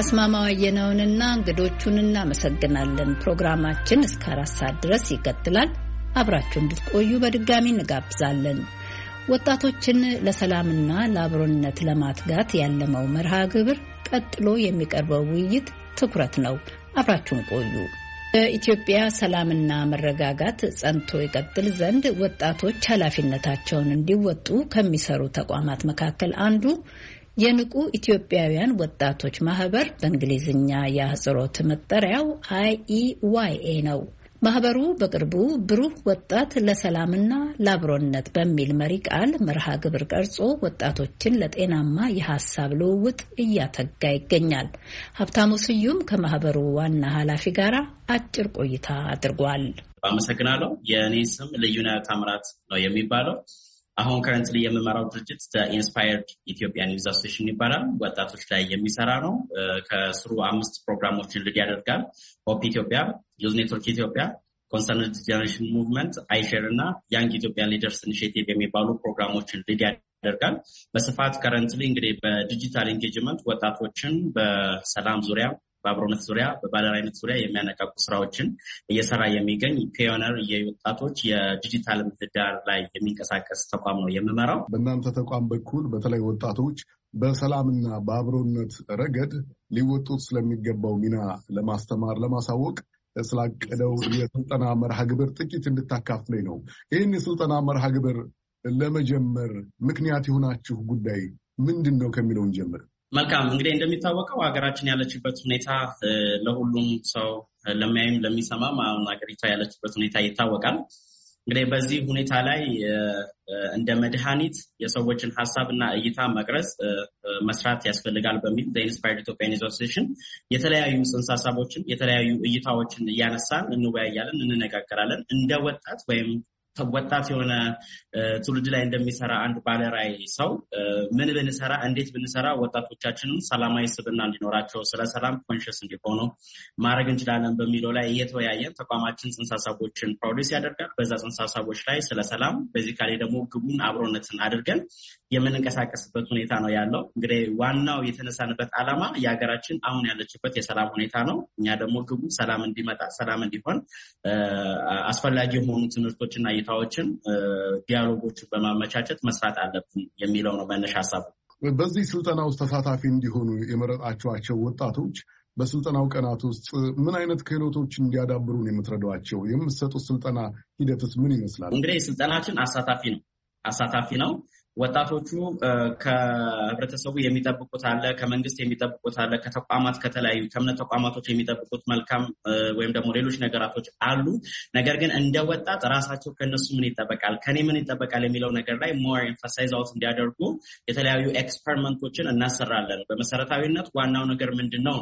Speaker 1: አስማማው አየነውንና እንግዶቹን እናመሰግናለን። ፕሮግራማችን እስከ አራት ሰዓት ድረስ ይቀጥላል። አብራችሁ እንድትቆዩ በድጋሚ እንጋብዛለን። ወጣቶችን ለሰላምና ለአብሮነት ለማትጋት ያለመው መርሃ ግብር ቀጥሎ የሚቀርበው ውይይት ትኩረት ነው። አብራችሁን ቆዩ። በኢትዮጵያ ሰላምና መረጋጋት ጸንቶ ይቀጥል ዘንድ ወጣቶች ኃላፊነታቸውን እንዲወጡ ከሚሰሩ ተቋማት መካከል አንዱ የንቁ ኢትዮጵያውያን ወጣቶች ማህበር በእንግሊዝኛ የአህጽሮት መጠሪያው አይኢዋይኤ e ነው። ማህበሩ በቅርቡ ብሩህ ወጣት ለሰላምና ለአብሮነት በሚል መሪ ቃል መርሃ ግብር ቀርጾ ወጣቶችን ለጤናማ የሀሳብ ልውውጥ እያተጋ ይገኛል። ሀብታሙ ስዩም ከማህበሩ ዋና ኃላፊ ጋር አጭር ቆይታ አድርጓል።
Speaker 7: አመሰግናለሁ። የእኔ ስም ልዩነት ታምራት ነው የሚባለው አሁን ከረንትሊ የምመራው ድርጅት ኢንስፓየርድ ኢትዮጵያ ኒውዝ አሶሴሽን ይባላል። ወጣቶች ላይ የሚሰራ ነው። ከስሩ አምስት ፕሮግራሞችን ልድ ያደርጋል። ሆፕ ኢትዮጵያ፣ ዩዝ ኔትወርክ ኢትዮጵያ፣ ኮንሰርንድ ጀነሬሽን ሙቭመንት፣ አይሼር እና ያንግ ኢትዮጵያን ሊደርስ ኢኒሽቲቭ የሚባሉ ፕሮግራሞችን ልድ ያደርጋል። በስፋት ከረንትሊ እንግዲህ በዲጂታል ኢንጌጅመንት ወጣቶችን በሰላም ዙሪያ በአብሮነት ዙሪያ በባለራይነት ዙሪያ የሚያነቃቁ ስራዎችን እየሰራ የሚገኝ ፒዮነር የወጣቶች የዲጂታል ምህዳር ላይ የሚንቀሳቀስ ተቋም ነው የምመራው።
Speaker 8: በእናንተ ተቋም በኩል በተለይ ወጣቶች በሰላምና በአብሮነት ረገድ ሊወጡት ስለሚገባው ሚና ለማስተማር፣ ለማሳወቅ ስላቀደው የስልጠና መርሃ ግብር ጥቂት እንድታካፍለኝ ነው። ይህን የስልጠና መርሃ ግብር ለመጀመር ምክንያት የሆናችሁ ጉዳይ ምንድን ነው ከሚለው እንጀምር።
Speaker 7: መልካም እንግዲህ እንደሚታወቀው ሀገራችን ያለችበት ሁኔታ ለሁሉም ሰው ለሚያይም ለሚሰማም አሁን ሀገሪቷ ያለችበት ሁኔታ ይታወቃል። እንግዲህ በዚህ ሁኔታ ላይ እንደ መድኃኒት የሰዎችን ሀሳብ እና እይታ መቅረጽ መስራት ያስፈልጋል በሚል በኢንስፓየርድ ኢትዮጵያን አሶሲዬሽን የተለያዩ ጽንሰ ሀሳቦችን የተለያዩ እይታዎችን እያነሳን እንወያያለን፣ እንነጋገራለን። እንደ ወጣት ወይም ወጣት የሆነ ትውልድ ላይ እንደሚሰራ አንድ ባለራይ ሰው ምን ብንሰራ እንዴት ብንሰራ ወጣቶቻችንም ሰላማዊ ስብና እንዲኖራቸው ስለ ሰላም ኮንሽስ እንዲሆኑ ማድረግ እንችላለን በሚለው ላይ እየተወያየን ተቋማችን ጽንሰ ሀሳቦችን ፕሮዲስ ያደርጋል። በዛ ጽንሰ ሀሳቦች ላይ ስለ ሰላም በዚህ ካሌ ደግሞ ግቡን አብሮነትን አድርገን የምንንቀሳቀስበት ሁኔታ ነው ያለው። እንግዲህ ዋናው የተነሳንበት ዓላማ የሀገራችን አሁን ያለችበት የሰላም ሁኔታ ነው። እኛ ደግሞ ግቡ ሰላም እንዲመጣ ሰላም እንዲሆን አስፈላጊ የሆኑ ትምህርቶችና እይታዎችን፣ ዲያሎጎችን በማመቻቸት መስራት አለብን የሚለው ነው መነሻ ሀሳቡ።
Speaker 8: በዚህ ስልጠና ውስጥ ተሳታፊ እንዲሆኑ የመረጣችኋቸው ወጣቶች በስልጠናው ቀናት ውስጥ ምን አይነት ክህሎቶች እንዲያዳብሩን የምትረዷቸው? የምትሰጡት ስልጠና ሂደትስ ምን ይመስላል? እንግዲህ
Speaker 7: ስልጠናችን አሳታፊ ነው አሳታፊ ነው ወጣቶቹ ከህብረተሰቡ የሚጠብቁት አለ፣ ከመንግስት የሚጠብቁት አለ፣ ከተቋማት ከተለያዩ ከእምነት ተቋማቶች የሚጠብቁት መልካም ወይም ደግሞ ሌሎች ነገራቶች አሉ። ነገር ግን እንደ ወጣት ራሳቸው ከነሱ ምን ይጠበቃል፣ ከኔ ምን ይጠበቃል የሚለው ነገር ላይ ሞር ኤንፈሳይዝ አውት እንዲያደርጉ የተለያዩ ኤክስፐሪመንቶችን እናሰራለን። በመሰረታዊነት ዋናው ነገር ምንድን ነው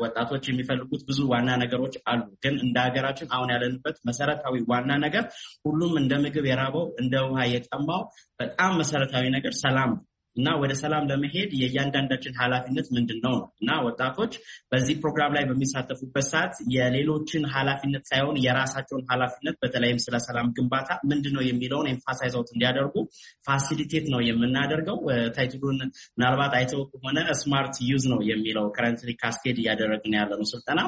Speaker 7: ወጣቶች የሚፈልጉት ብዙ ዋና ነገሮች አሉ። ግን እንደ ሀገራችን አሁን ያለንበት መሰረታዊ ዋና ነገር ሁሉም እንደ ምግብ የራበው እንደ ውሃ የጠማው በጣም መሰረታዊ ነገር ሰላም ነው። እና ወደ ሰላም ለመሄድ የእያንዳንዳችን ኃላፊነት ምንድን ነው ነው እና ወጣቶች በዚህ ፕሮግራም ላይ በሚሳተፉበት ሰዓት የሌሎችን ኃላፊነት ሳይሆን የራሳቸውን ኃላፊነት በተለይም ስለ ሰላም ግንባታ ምንድን ነው የሚለውን ኤምፋሳይዘውት እንዲያደርጉ ፋሲሊቴት ነው የምናደርገው። ታይትሉን ምናልባት አይተው ከሆነ ስማርት ዩዝ ነው የሚለው ከረንትሊ ካስኬድ እያደረግን ያለነው ስልጠና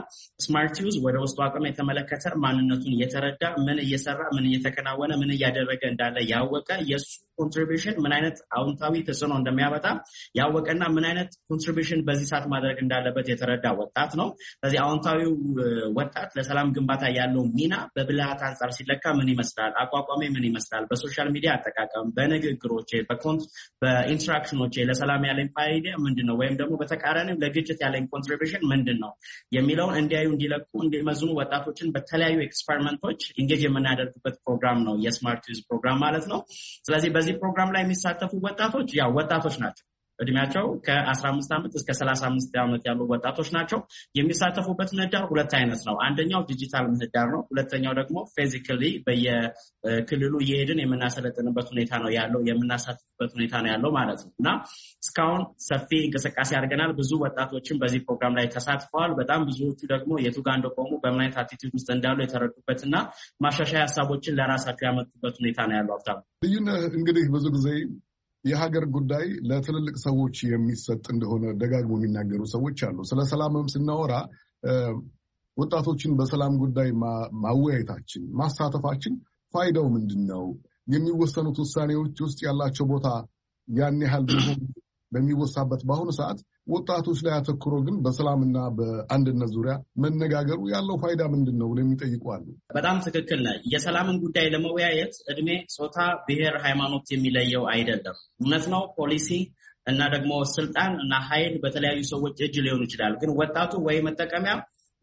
Speaker 7: ስማርት ዩዝ ወደ ውስጡ አቅም የተመለከተ ማንነቱን እየተረዳ ምን እየሰራ ምን እየተከናወነ ምን እያደረገ እንዳለ ያወቀ የእሱ ኮንትሪቢሽን ምን አይነት አውንታዊ ተጽዕኖ እንደሚያመጣ ያወቀና ምን አይነት ኮንትሪቢሽን በዚህ ሰዓት ማድረግ እንዳለበት የተረዳ ወጣት ነው። ስለዚህ አውንታዊው ወጣት ለሰላም ግንባታ ያለው ሚና በብልሃት አንጻር ሲለካ ምን ይመስላል? አቋቋሜ ምን ይመስላል? በሶሻል ሚዲያ አጠቃቀም፣ በንግግሮቼ፣ በኢንትራክሽኖቼ ለሰላም ያለኝ ፋይዳ ምንድን ነው? ወይም ደግሞ በተቃራኒም ለግጭት ያለኝ ኮንትሪቢሽን ምንድን ነው የሚለውን እንዲያዩ፣ እንዲለቁ፣ እንዲመዝኑ ወጣቶችን በተለያዩ ኤክስፐሪመንቶች ኢንጌጅ የምናደርግበት ፕሮግራም ነው የስማርት ዩዝ ፕሮግራም ማለት ነው። ስለዚህ በዚህ ፕሮግራም ላይ የሚሳተፉ ወጣቶች ያው ወጣቶች ናቸው። እድሜያቸው ከ15 ዓመት እስከ 35 ዓመት ያሉ ወጣቶች ናቸው። የሚሳተፉበት ምህዳር ሁለት አይነት ነው። አንደኛው ዲጂታል ምህዳር ነው። ሁለተኛው ደግሞ ፊዚካሊ በየክልሉ እየሄድን የምናሰለጥንበት ሁኔታ ነው ያለው የምናሳትፍበት ሁኔታ ነው ያለው ማለት ነው እና እስካሁን ሰፊ እንቅስቃሴ አድርገናል። ብዙ ወጣቶችን በዚህ ፕሮግራም ላይ ተሳትፈዋል። በጣም ብዙዎቹ ደግሞ የቱ ጋር እንደቆሙ በምን አይነት አቲቲዩድ ውስጥ እንዳሉ የተረዱበት እና ማሻሻያ ሀሳቦችን ለራሳቸው ያመጡበት ሁኔታ ነው ያለው።
Speaker 8: ልዩነህ እንግዲህ ብዙ ጊዜ የሀገር ጉዳይ ለትልልቅ ሰዎች የሚሰጥ እንደሆነ ደጋግሞ የሚናገሩ ሰዎች አሉ። ስለ ሰላምም ስናወራ ወጣቶችን በሰላም ጉዳይ ማወያየታችን፣ ማሳተፋችን ፋይዳው ምንድን ነው? የሚወሰኑት ውሳኔዎች ውስጥ ያላቸው ቦታ ያን ያህል በሚወሳበት በአሁኑ ሰዓት ወጣቶች ላይ አተኩሮ ግን በሰላምና በአንድነት ዙሪያ መነጋገሩ ያለው ፋይዳ ምንድን ነው ብለው የሚጠይቁ አሉ።
Speaker 7: በጣም ትክክል ነ የሰላምን ጉዳይ ለመወያየት እድሜ፣ ጾታ፣ ብሔር፣ ሃይማኖት የሚለየው አይደለም። እውነት ነው ፖሊሲ እና ደግሞ ስልጣን እና ኃይል በተለያዩ ሰዎች እጅ ሊሆን ይችላል። ግን ወጣቱ ወይ መጠቀሚያ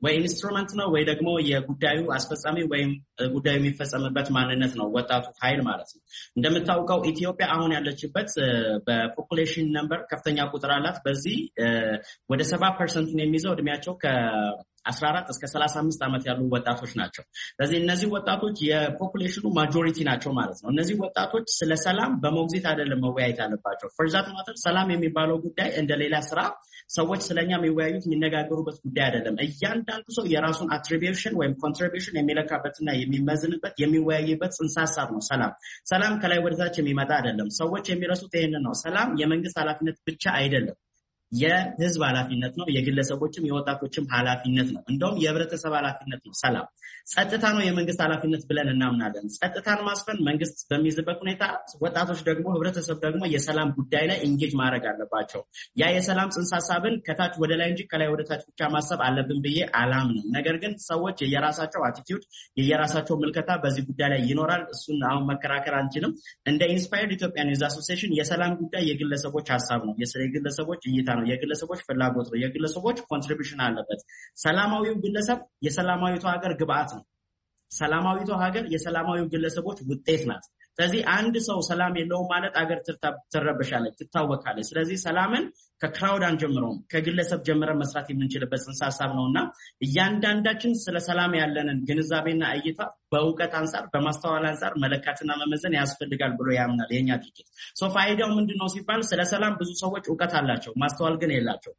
Speaker 7: ወይ ኢንስትሩመንት ነው ወይ ደግሞ የጉዳዩ አስፈጻሚ ወይም ጉዳዩ የሚፈጸምበት ማንነት ነው ወጣቱ ኃይል ማለት ነው። እንደምታውቀው ኢትዮጵያ አሁን ያለችበት በፖፑሌሽን ነምበር ከፍተኛ ቁጥር አላት። በዚህ ወደ ሰባ ፐርሰንቱን የሚይዘው እድሜያቸው 14 እስከ 35 ዓመት ያሉ ወጣቶች ናቸው። ስለዚህ እነዚህ ወጣቶች የፖፑሌሽኑ ማጆሪቲ ናቸው ማለት ነው። እነዚህ ወጣቶች ስለ ሰላም በሞግዚት አይደለም መወያየት አለባቸው። ፈርዛት ማተር ሰላም የሚባለው ጉዳይ እንደሌላ ስራ ሰዎች ስለኛ የሚወያዩት የሚነጋገሩበት ጉዳይ አይደለም። እያንዳንዱ ሰው የራሱን አትሪቢሽን ወይም ኮንትሪቢሽን የሚለካበትና የሚመዝንበት የሚወያይበት ጽንሰ ሀሳብ ነው። ሰላም ሰላም ከላይ ወደታች የሚመጣ አይደለም። ሰዎች የሚረሱት ይህንን ነው። ሰላም የመንግስት ኃላፊነት ብቻ አይደለም።
Speaker 5: የህዝብ
Speaker 7: ኃላፊነት ነው፣ የግለሰቦችም የወጣቶችም ኃላፊነት ነው። እንደውም የህብረተሰብ ኃላፊነት ነው። ሰላም ጸጥታ ነው የመንግስት ኃላፊነት ብለን እናምናለን። ጸጥታን ማስፈን መንግስት በሚይዝበት ሁኔታ ወጣቶች ደግሞ ህብረተሰብ ደግሞ የሰላም ጉዳይ ላይ ኢንጌጅ ማድረግ አለባቸው። ያ የሰላም ጽንሰ ሀሳብን ከታች ወደ ላይ እንጂ ከላይ ወደ ታች ብቻ ማሰብ አለብን ብዬ አላምንም። ነገር ግን ሰዎች የየራሳቸው አቲቲዩድ የየራሳቸው ምልከታ በዚህ ጉዳይ ላይ ይኖራል። እሱን አሁን መከራከር አንችልም። እንደ ኢንስፓየርድ ኢትዮጵያ ዩዝ አሶሲሽን የሰላም ጉዳይ የግለሰቦች ሀሳብ ነው፣ የግለሰቦች እይታ ነው ነው፣ የግለሰቦች ፍላጎት ነው፣ የግለሰቦች ኮንትሪቢሽን አለበት። ሰላማዊው ግለሰብ የሰላማዊቷ ሀገር ግብአት ነው። ሰላማዊቷ ሀገር የሰላማዊው ግለሰቦች ውጤት ናት። ስለዚህ አንድ ሰው ሰላም የለውም ማለት አገር ትረበሻለች፣ ትታወካለች። ስለዚህ ሰላምን ከክራውድ አንጀምረውም ከግለሰብ ጀምረን መስራት የምንችልበት ጽንሰ ሀሳብ ነው እና እያንዳንዳችን ስለ ሰላም ያለንን ግንዛቤና እይታ በእውቀት አንጻር በማስተዋል አንጻር መለካትና መመዘን ያስፈልጋል ብሎ ያምናል የኛ ድርጅት። ሶ ፋይዳው ምንድን ነው ሲባል ስለ ሰላም ብዙ ሰዎች እውቀት አላቸው፣ ማስተዋል ግን የላቸው።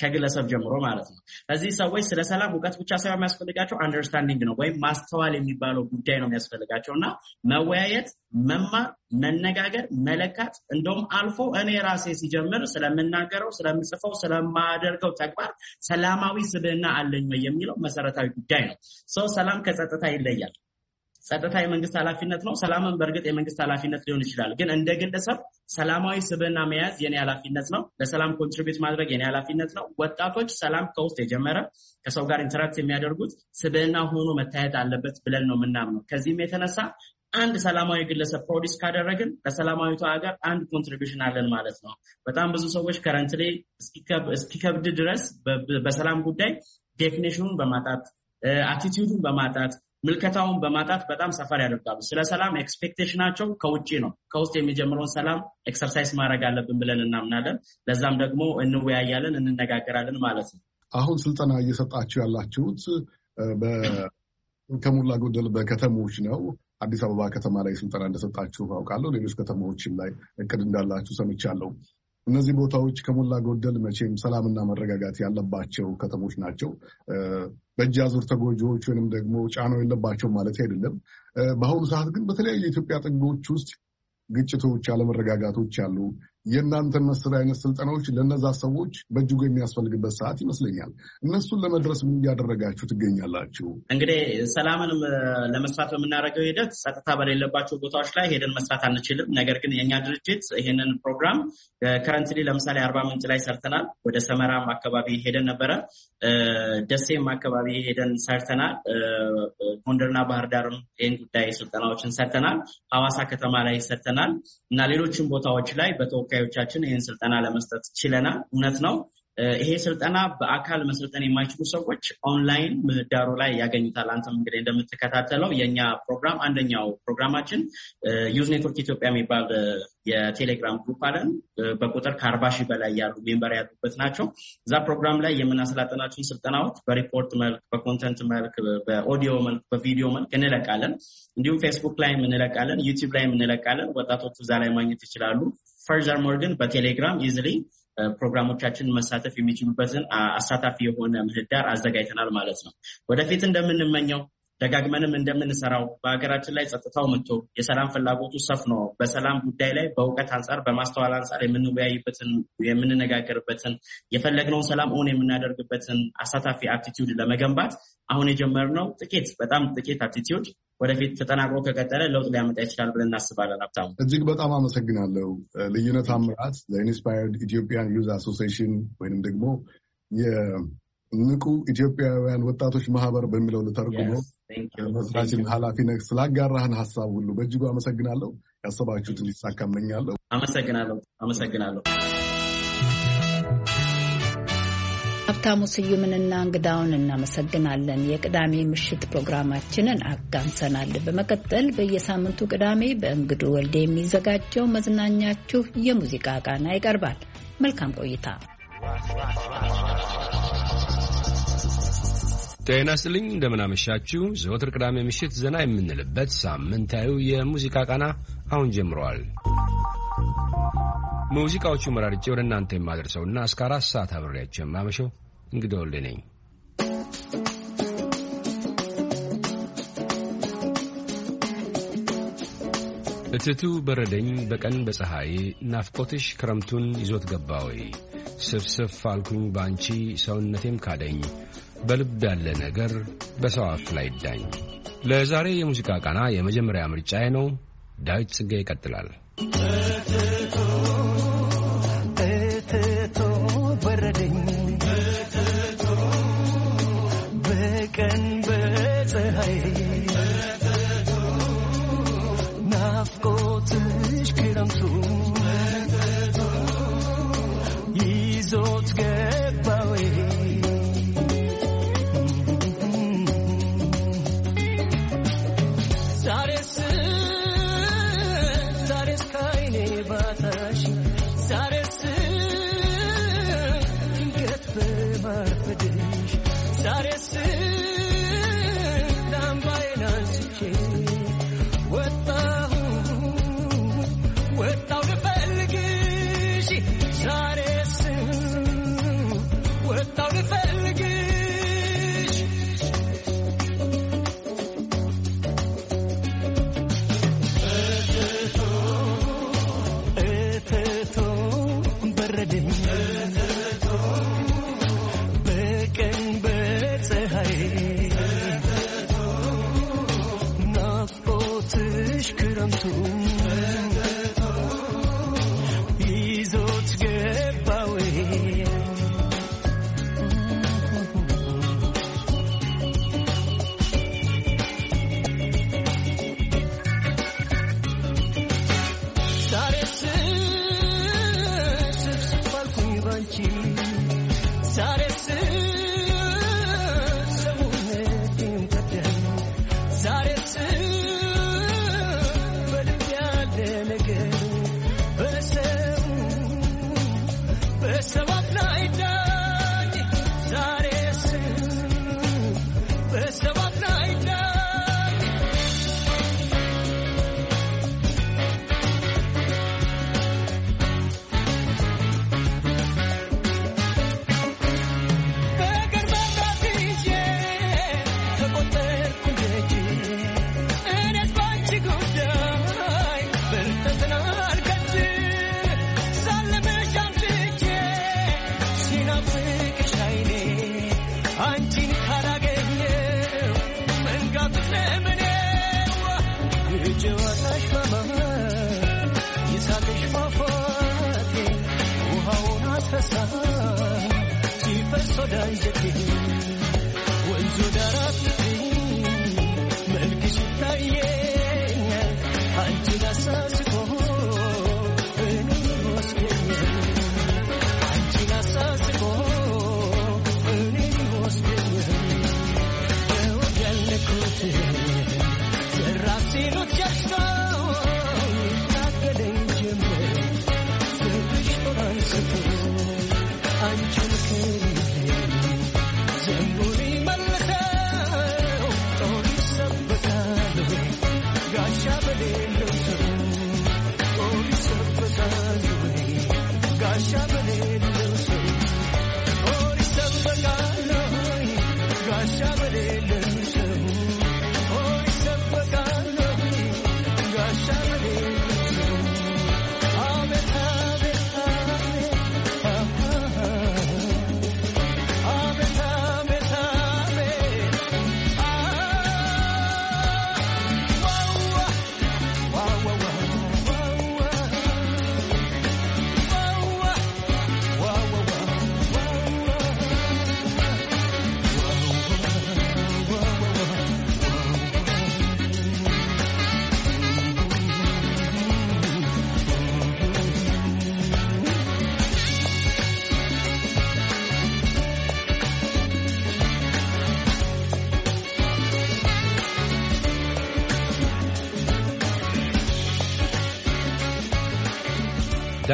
Speaker 7: ከግለሰብ ጀምሮ ማለት ነው። እዚህ ሰዎች ስለ ሰላም እውቀት ብቻ ሳይሆን የሚያስፈልጋቸው አንደርስታንዲንግ ነው ወይም ማስተዋል የሚባለው ጉዳይ ነው የሚያስፈልጋቸው እና መወያየት፣ መማር፣ መነጋገር፣ መለካት እንደውም አልፎ እኔ ራሴ ሲጀምር ስለምናገረው፣ ስለምጽፈው፣ ስለማደርገው ተግባር ሰላማዊ ስብዕና አለኝ የሚለው መሰረታዊ ጉዳይ ነው። ሰው ሰላም ከጸጥታ ይለያል። ጸጥታ የመንግስት ኃላፊነት ነው። ሰላምን በእርግጥ የመንግስት ኃላፊነት ሊሆን ይችላል። ግን እንደ ግለሰብ ሰላማዊ ስብዕና መያዝ የኔ ኃላፊነት ነው። ለሰላም ኮንትሪቢዩት ማድረግ የኔ ኃላፊነት ነው። ወጣቶች ሰላም ከውስጥ የጀመረ ከሰው ጋር ኢንተራክት የሚያደርጉት ስብዕና ሆኖ መታየት አለበት ብለን ነው የምናምነው። ከዚህም የተነሳ አንድ ሰላማዊ ግለሰብ ፕሮዲስ ካደረግን ለሰላማዊቱ ሀገር አንድ ኮንትሪቢሽን አለን ማለት ነው። በጣም ብዙ ሰዎች ከረንት ላይ እስኪከብድ ድረስ በሰላም ጉዳይ ዴፊኔሽኑን በማጣት አቲቲዩዱን በማጣት ምልከታውን በማጣት በጣም ሰፈር ያደርጋሉ። ስለ ሰላም ኤክስፔክቴሽናቸው ከውጭ ነው። ከውስጥ የሚጀምረውን ሰላም ኤክሰርሳይዝ ማድረግ አለብን ብለን እናምናለን። ለዛም ደግሞ እንወያያለን፣ እንነጋገራለን ማለት ነው።
Speaker 8: አሁን ስልጠና እየሰጣችሁ ያላችሁት ከሞላ ጎደል በከተሞች ነው። አዲስ አበባ ከተማ ላይ ስልጠና እንደሰጣችሁ አውቃለሁ። ሌሎች ከተማዎችም ላይ እቅድ እንዳላችሁ ሰምቻለሁ። እነዚህ ቦታዎች ከሞላ ጎደል መቼም ሰላምና መረጋጋት ያለባቸው ከተሞች ናቸው። በእጅ አዙር ተጎጂዎች ወይንም ደግሞ ጫናው የለባቸው ማለት አይደለም። በአሁኑ ሰዓት ግን በተለያዩ የኢትዮጵያ ጥጎች ውስጥ ግጭቶች፣ አለመረጋጋቶች አሉ። የእናንተን መሰል አይነት ስልጠናዎች ለነዛ ሰዎች በእጅጉ የሚያስፈልግበት ሰዓት ይመስለኛል። እነሱን ለመድረስ ምን እያደረጋችሁ ትገኛላችሁ?
Speaker 7: እንግዲህ ሰላምን ለመስራት በምናደርገው ሂደት ጸጥታ በሌለባቸው ቦታዎች ላይ ሄደን መስራት አንችልም። ነገር ግን የእኛ ድርጅት ይህንን ፕሮግራም ከረንትሊ ለምሳሌ አርባ ምንጭ ላይ ሰርተናል። ወደ ሰመራም አካባቢ ሄደን ነበረ። ደሴም አካባቢ ሄደን ሰርተናል። ጎንደርና ባህር ዳርም ይህን ጉዳይ ስልጠናዎችን ሰርተናል። ሐዋሳ ከተማ ላይ ሰርተናል እና ሌሎችም ቦታዎች ላይ በተወካ ተወካዮቻችን ይህን ስልጠና ለመስጠት ችለናል። እውነት ነው። ይሄ ስልጠና በአካል መሰልጠን የማይችሉ ሰዎች ኦንላይን ምህዳሩ ላይ ያገኙታል። አንተም እንግዲህ እንደምትከታተለው የእኛ ፕሮግራም አንደኛው ፕሮግራማችን ዩዝ ኔትወርክ ኢትዮጵያ የሚባል የቴሌግራም ግሩፕ አለን። በቁጥር ከአርባ ሺህ በላይ ያሉ ሜምበር ያሉበት ናቸው። እዛ ፕሮግራም ላይ የምናሰላጠናቸውን ስልጠናዎች በሪፖርት መልክ፣ በኮንተንት መልክ፣ በኦዲዮ መልክ፣ በቪዲዮ መልክ እንለቃለን። እንዲሁም ፌስቡክ ላይም እንለቃለን፣ ዩቲዩብ ላይም እንለቃለን። ወጣቶቹ እዛ ላይ ማግኘት ይችላሉ። ፈርዘር ሞር ግን በቴሌግራም ኢዝሊ ፕሮግራሞቻችን መሳተፍ የሚችሉበትን አሳታፊ የሆነ ምህዳር አዘጋጅተናል ማለት ነው። ወደፊት እንደምንመኘው ደጋግመንም እንደምንሰራው በሀገራችን ላይ ጸጥታው መጥቶ የሰላም ፍላጎቱ ሰፍኖ በሰላም ጉዳይ ላይ በእውቀት አንጻር በማስተዋል አንጻር የምንወያይበትን የምንነጋገርበትን የፈለግነውን ሰላም እውን የምናደርግበትን አሳታፊ አፕቲቲዩድ ለመገንባት አሁን የጀመርነው ጥቂት በጣም ጥቂት አፕቲቲዩድ ወደፊት ተጠናቅሮ ከቀጠለ ለውጥ ሊያመጣ ይችላል ብለን እናስባለን። ሀብታሙ፣
Speaker 8: እጅግ በጣም አመሰግናለሁ። ልዩነት አምራት ለኢንስፓየርድ ኢትዮጵያን ዩዝ አሶሲሽን ወይንም ደግሞ የንቁ ኢትዮጵያውያን ወጣቶች ማህበር በሚለው ልተርጉመው
Speaker 7: መስራችን ኃላፊ
Speaker 8: ነህ። ስላጋራህን ሀሳብ ሁሉ በእጅጉ አመሰግናለሁ። ያሰባችሁት እንዲሳካ እመኛለሁ።
Speaker 7: አመሰግናለሁ። አመሰግናለሁ።
Speaker 1: ሀብታሙ ስዩምንና እንግዳውን እናመሰግናለን። የቅዳሜ ምሽት ፕሮግራማችንን አጋምሰናል። በመቀጠል በየሳምንቱ ቅዳሜ በእንግዱ ወልዴ የሚዘጋጀው መዝናኛችሁ የሙዚቃ ቃና ይቀርባል። መልካም ቆይታ።
Speaker 9: ጤና ስጥልኝ እንደምናመሻችሁ። ዘወትር ቅዳሜ ምሽት ዘና የምንልበት ሳምንታዊ የሙዚቃ ቃና አሁን ጀምረዋል። ሙዚቃዎቹ መራርጬ ወደ እናንተ የማደርሰውና እስከ አራት ሰዓት አብሬያቸው የማመሸው እንግዳ ወልዴ ነኝ። እትቱ በረደኝ በቀን በፀሐይ ናፍቆትሽ ክረምቱን ይዞት ገባ ወይ ስፍስፍ አልኩኝ ባንቺ ሰውነቴም ካደኝ በልብ ያለ ነገር በሰው አፍ ላይ ይዳኝ። ለዛሬ የሙዚቃ ቃና የመጀመሪያ ምርጫዬ ነው። ዳዊት ጽጌ ይቀጥላል።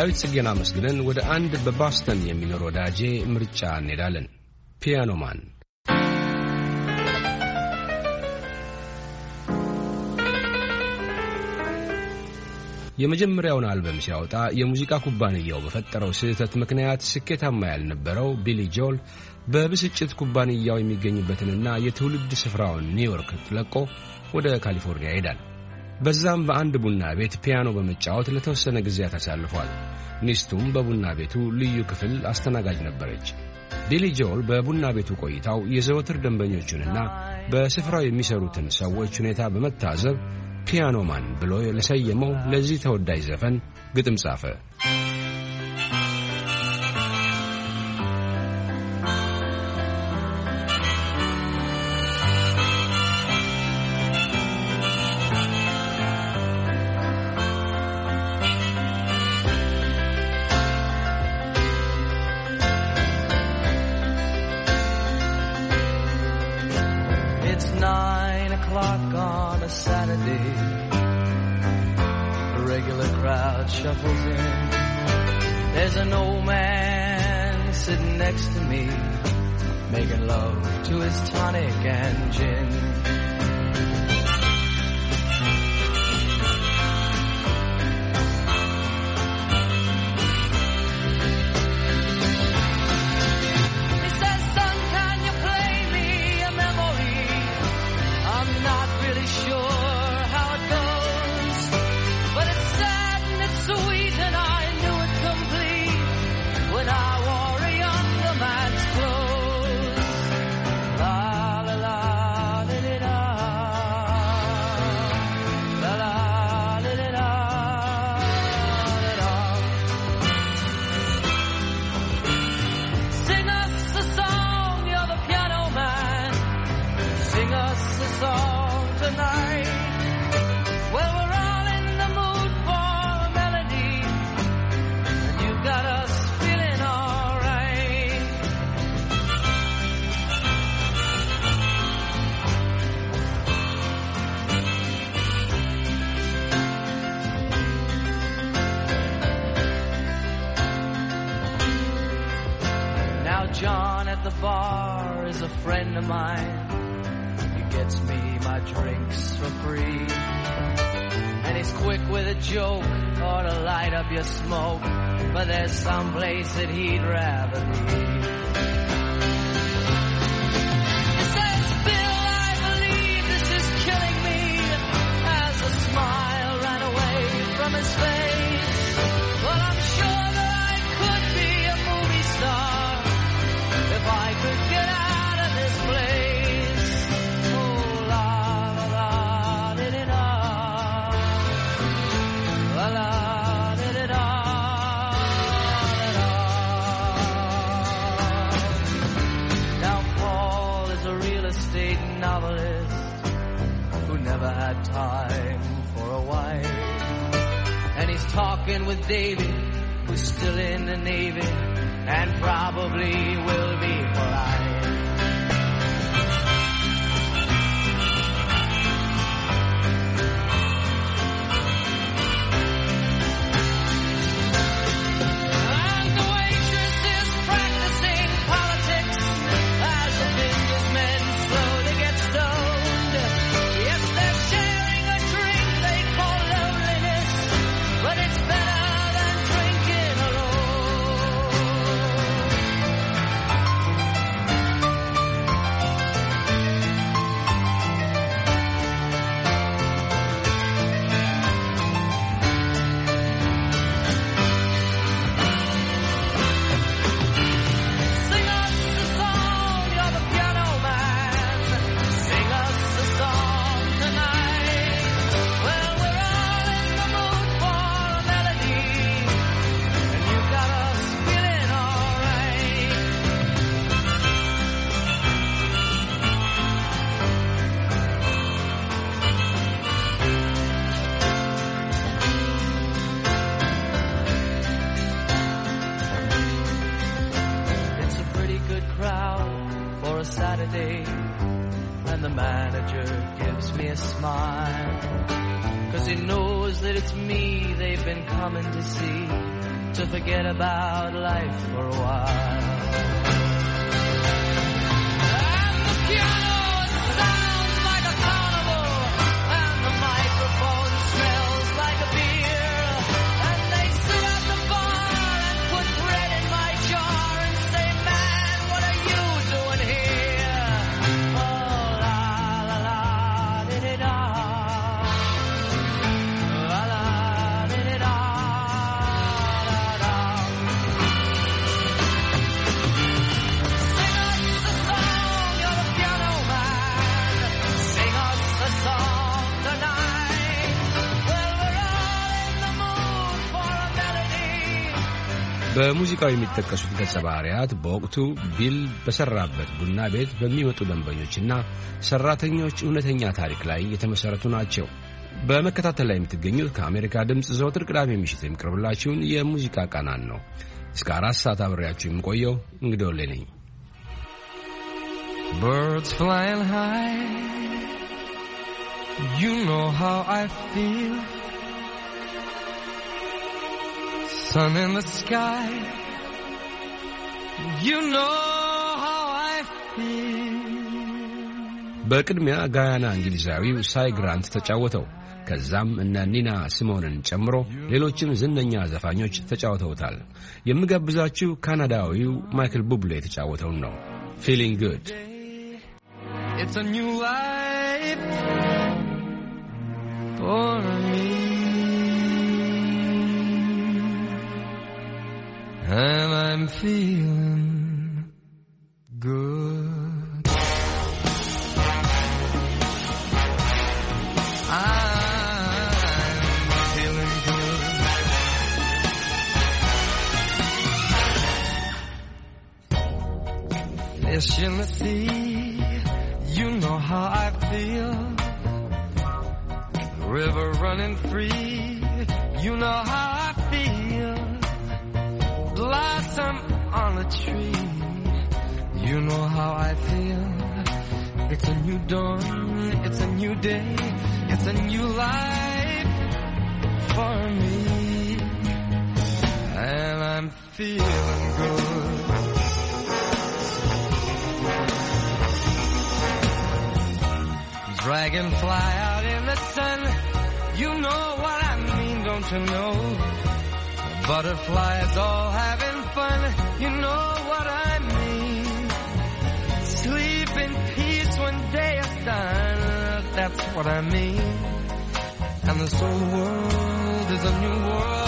Speaker 9: ዳዊት ጽጌን አመስግነን ወደ አንድ በባስተን የሚኖር ወዳጄ ምርጫ እንሄዳለን። ፒያኖማን የመጀመሪያውን አልበም ሲያወጣ የሙዚቃ ኩባንያው በፈጠረው ስህተት ምክንያት ስኬታማ ያልነበረው ቢሊ ጆል በብስጭት ኩባንያው የሚገኝበትንና የትውልድ ስፍራውን ኒውዮርክ ለቆ ወደ ካሊፎርኒያ ይሄዳል። በዛም በአንድ ቡና ቤት ፒያኖ በመጫወት ለተወሰነ ጊዜያት አሳልፏል። ሚስቱም በቡና ቤቱ ልዩ ክፍል አስተናጋጅ ነበረች። ዲሊ ጆል በቡና ቤቱ ቆይታው የዘወትር ደንበኞቹንና በስፍራው የሚሰሩትን ሰዎች ሁኔታ በመታዘብ ፒያኖማን ብሎ ለሰየመው ለዚህ ተወዳጅ ዘፈን ግጥም ጻፈ።
Speaker 10: joke or to light up your smoke, but there's some place that he'd rather be.
Speaker 9: በሙዚቃው የሚጠቀሱት ገጸ ባህርያት በወቅቱ ቢል በሠራበት ቡና ቤት በሚመጡ ደንበኞችና ሠራተኞች እውነተኛ ታሪክ ላይ የተመሠረቱ ናቸው። በመከታተል ላይ የምትገኙት ከአሜሪካ ድምፅ ዘወትር ቅዳሜ ምሽት የሚቀርብላችሁን የሙዚቃ ቃናን ነው። እስከ አራት ሰዓት አብሬያችሁ የምቆየው እንግዲህ ወሌ ነኝ። Birds flying high, you know
Speaker 10: how I feel. sun in the sky. You know how I feel.
Speaker 9: በቅድሚያ ጋያና እንግሊዛዊው ሳይ ግራንት ተጫወተው። ከዛም እነ ኒና ስሞንን ጨምሮ ሌሎችም ዝነኛ ዘፋኞች ተጫውተውታል። የምጋብዛችሁ ካናዳዊው ማይክል ቡብሌ የተጫወተውን ነው ፊሊንግ ጉድ
Speaker 10: It's a new life for me. And I'm feeling good. I'm feeling good. Fish in the sea, you know how I feel. River running free, you know how blossom on a tree. You know how I feel. It's a new dawn, it's a new day, it's a new life for me. And I'm feeling good. Dragonfly out in the sun, you know what I mean, don't you know? Butterflies all having fun, you know what I mean. Sleep in peace when day is done, that's what I mean. And this old world is a new world.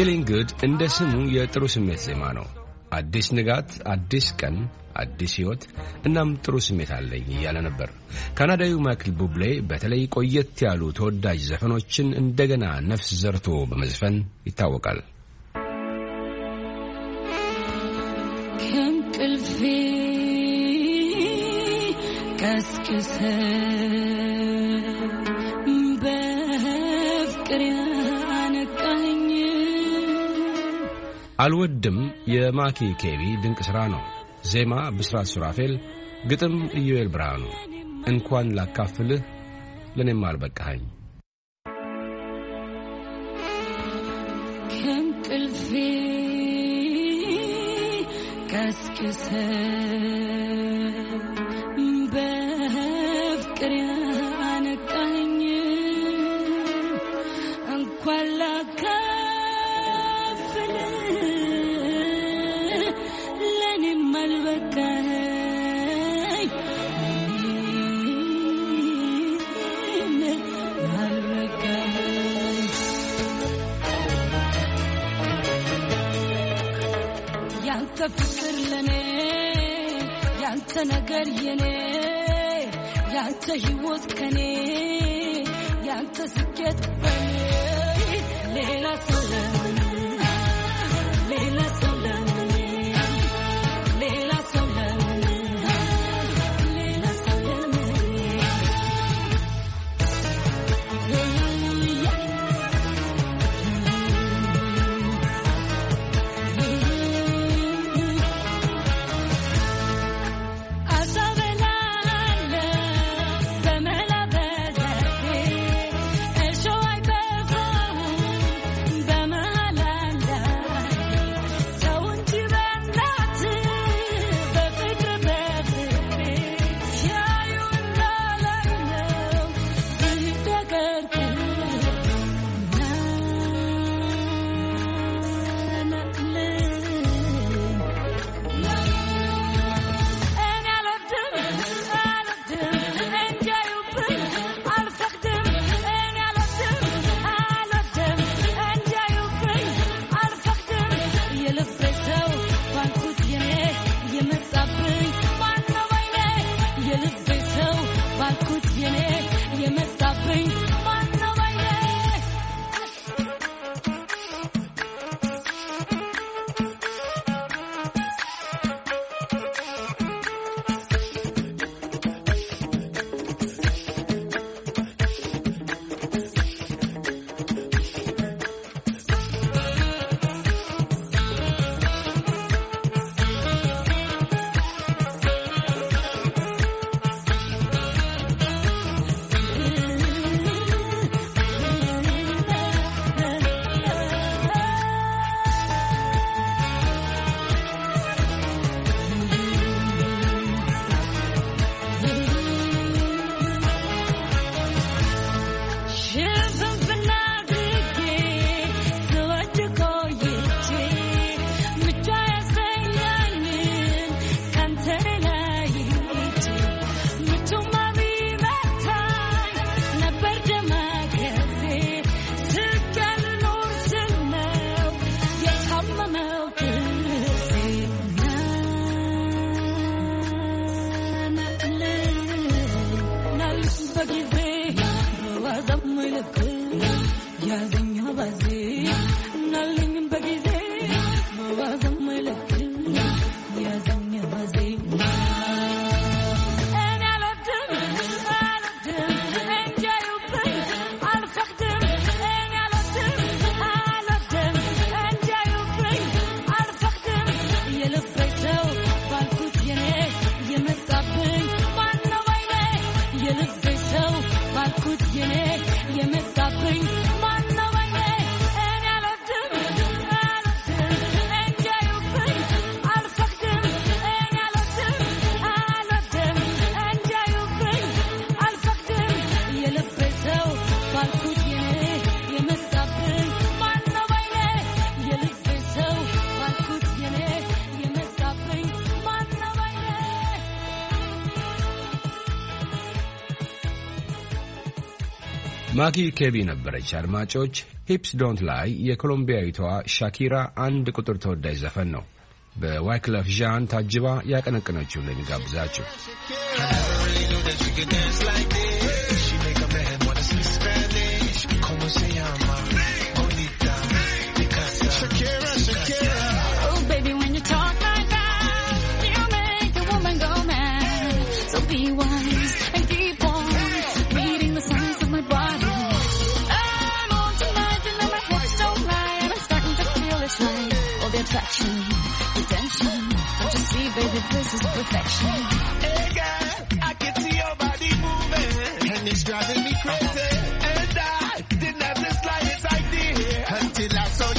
Speaker 9: ፊሊንግ ጉድ እንደ ስሙ የጥሩ ስሜት ዜማ ነው። አዲስ ንጋት፣ አዲስ ቀን፣ አዲስ ሕይወት እናም ጥሩ ስሜት አለኝ እያለ ነበር። ካናዳዊው ማይክል ቡብሌ በተለይ ቆየት ያሉ ተወዳጅ ዘፈኖችን እንደገና ነፍስ ዘርቶ በመዝፈን ይታወቃል።
Speaker 11: ከእንቅልፌ ቀስቅሰ
Speaker 9: አልወድም የማኪ ኬቢ ድንቅ ሥራ ነው። ዜማ ብስራት ሱራፌል፣ ግጥም ኢዩኤል ብርሃኑ። እንኳን ላካፍልህ ለእኔም አልበቃኸኝ
Speaker 11: ከእንቅልፌ
Speaker 10: ቀስቅሰ ያንተ ነገር የኔ ያንተ ህይወት ከኔ ያንተ ስኬት በኔ ሌላ ሰው I'm ya zinyo bazi
Speaker 9: ማኪ ኬቢ ነበረች። አድማጮች ሂፕስ ዶንት ላይ የኮሎምቢያዊቷ ሻኪራ አንድ ቁጥር ተወዳጅ ዘፈን ነው። በዋይክለፍ ዣን ታጅባ ያቀነቅነችው ለሚጋብዛችሁ
Speaker 10: Como se llama?
Speaker 11: Hey girl, I can see your body moving, and it's driving me crazy.
Speaker 10: And I didn't have the slightest idea until I saw you.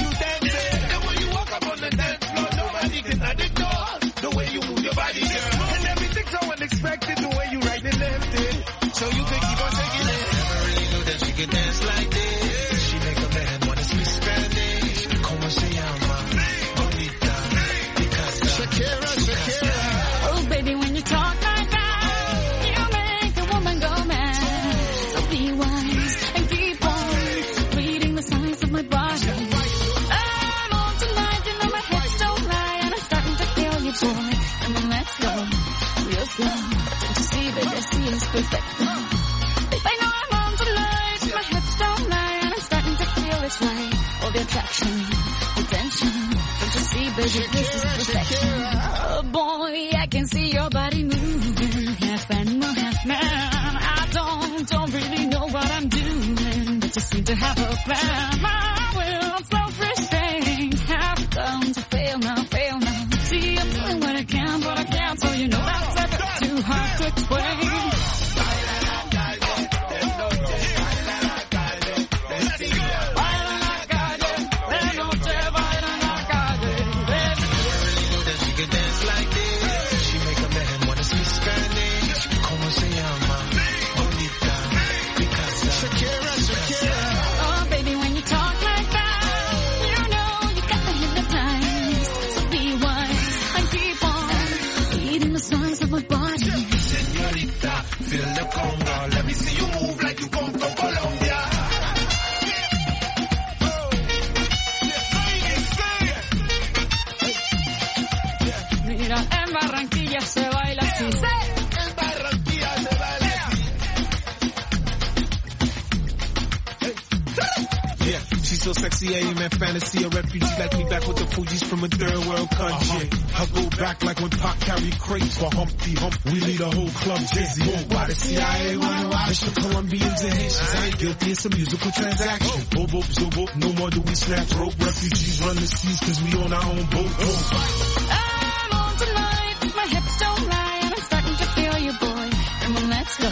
Speaker 11: so sexy, I am
Speaker 10: a fantasy. A refugee like me back with the Fuji's from a third world country. Uh-huh. I go back like when Pac carried crates for Humpty Hump. We lead a whole club dizzy. Yeah. Why the CIA wanna watch the Colombians and Haitians? I ain't guilty, it's a musical transaction. Oh. Bobo, Zobo, no more do we snap rope. Refugees run the seas cause we on our own boat. Oh. I'm
Speaker 11: on tonight, my hips don't lie, and I'm starting to feel you, boy. Come on, let's go,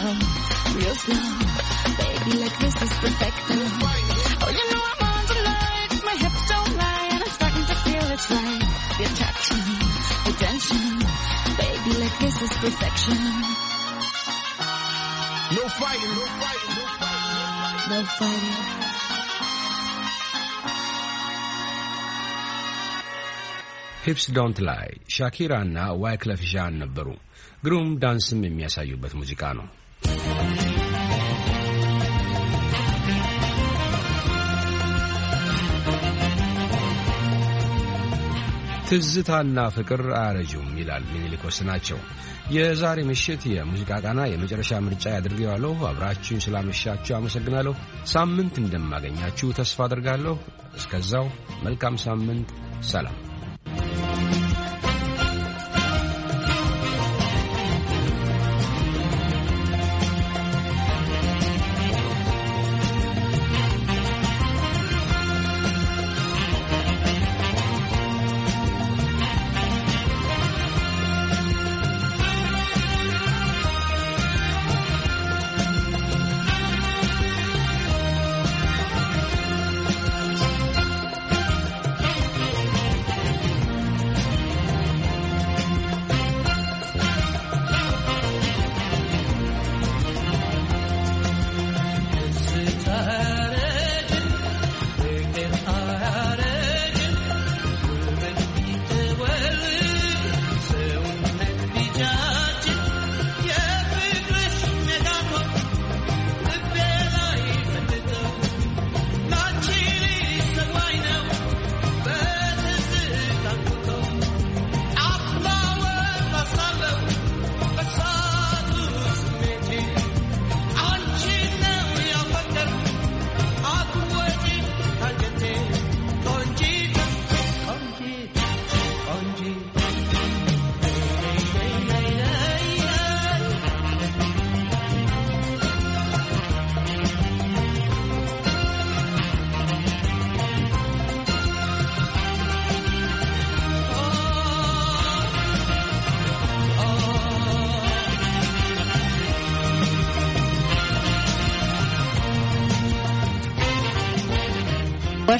Speaker 11: real slow. Baby, like this is perfect. this is perfection. No fighting, no fighting, no fighting, no fighting. No fighting.
Speaker 9: ሂፕስ ዶንት ላይ ሻኪራ እና ዋይክለፍ ዣን ነበሩ። ግሩም ዳንስም የሚያሳዩበት ሙዚቃ ነው። ትዝታና ፍቅር አያረጁም ይላል ሚኒሊኮስ ናቸው። የዛሬ ምሽት የሙዚቃ ቃና የመጨረሻ ምርጫ ያድርገዋለሁ። አብራችሁን ስላመሻችሁ አመሰግናለሁ። ሳምንት እንደማገኛችሁ ተስፋ አድርጋለሁ። እስከዛው መልካም ሳምንት፣ ሰላም።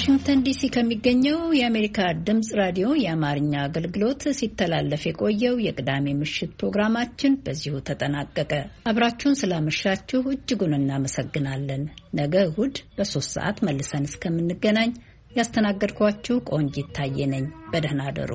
Speaker 1: ዋሽንግተን ዲሲ ከሚገኘው የአሜሪካ ድምፅ ራዲዮ የአማርኛ አገልግሎት ሲተላለፍ የቆየው የቅዳሜ ምሽት ፕሮግራማችን በዚሁ ተጠናቀቀ። አብራችሁን ስላመሻችሁ እጅጉን እናመሰግናለን። ነገ እሁድ በሶስት ሰዓት መልሰን እስከምንገናኝ ያስተናገድኳችሁ ቆንጂት ታየ ነኝ። በደህና አደሩ።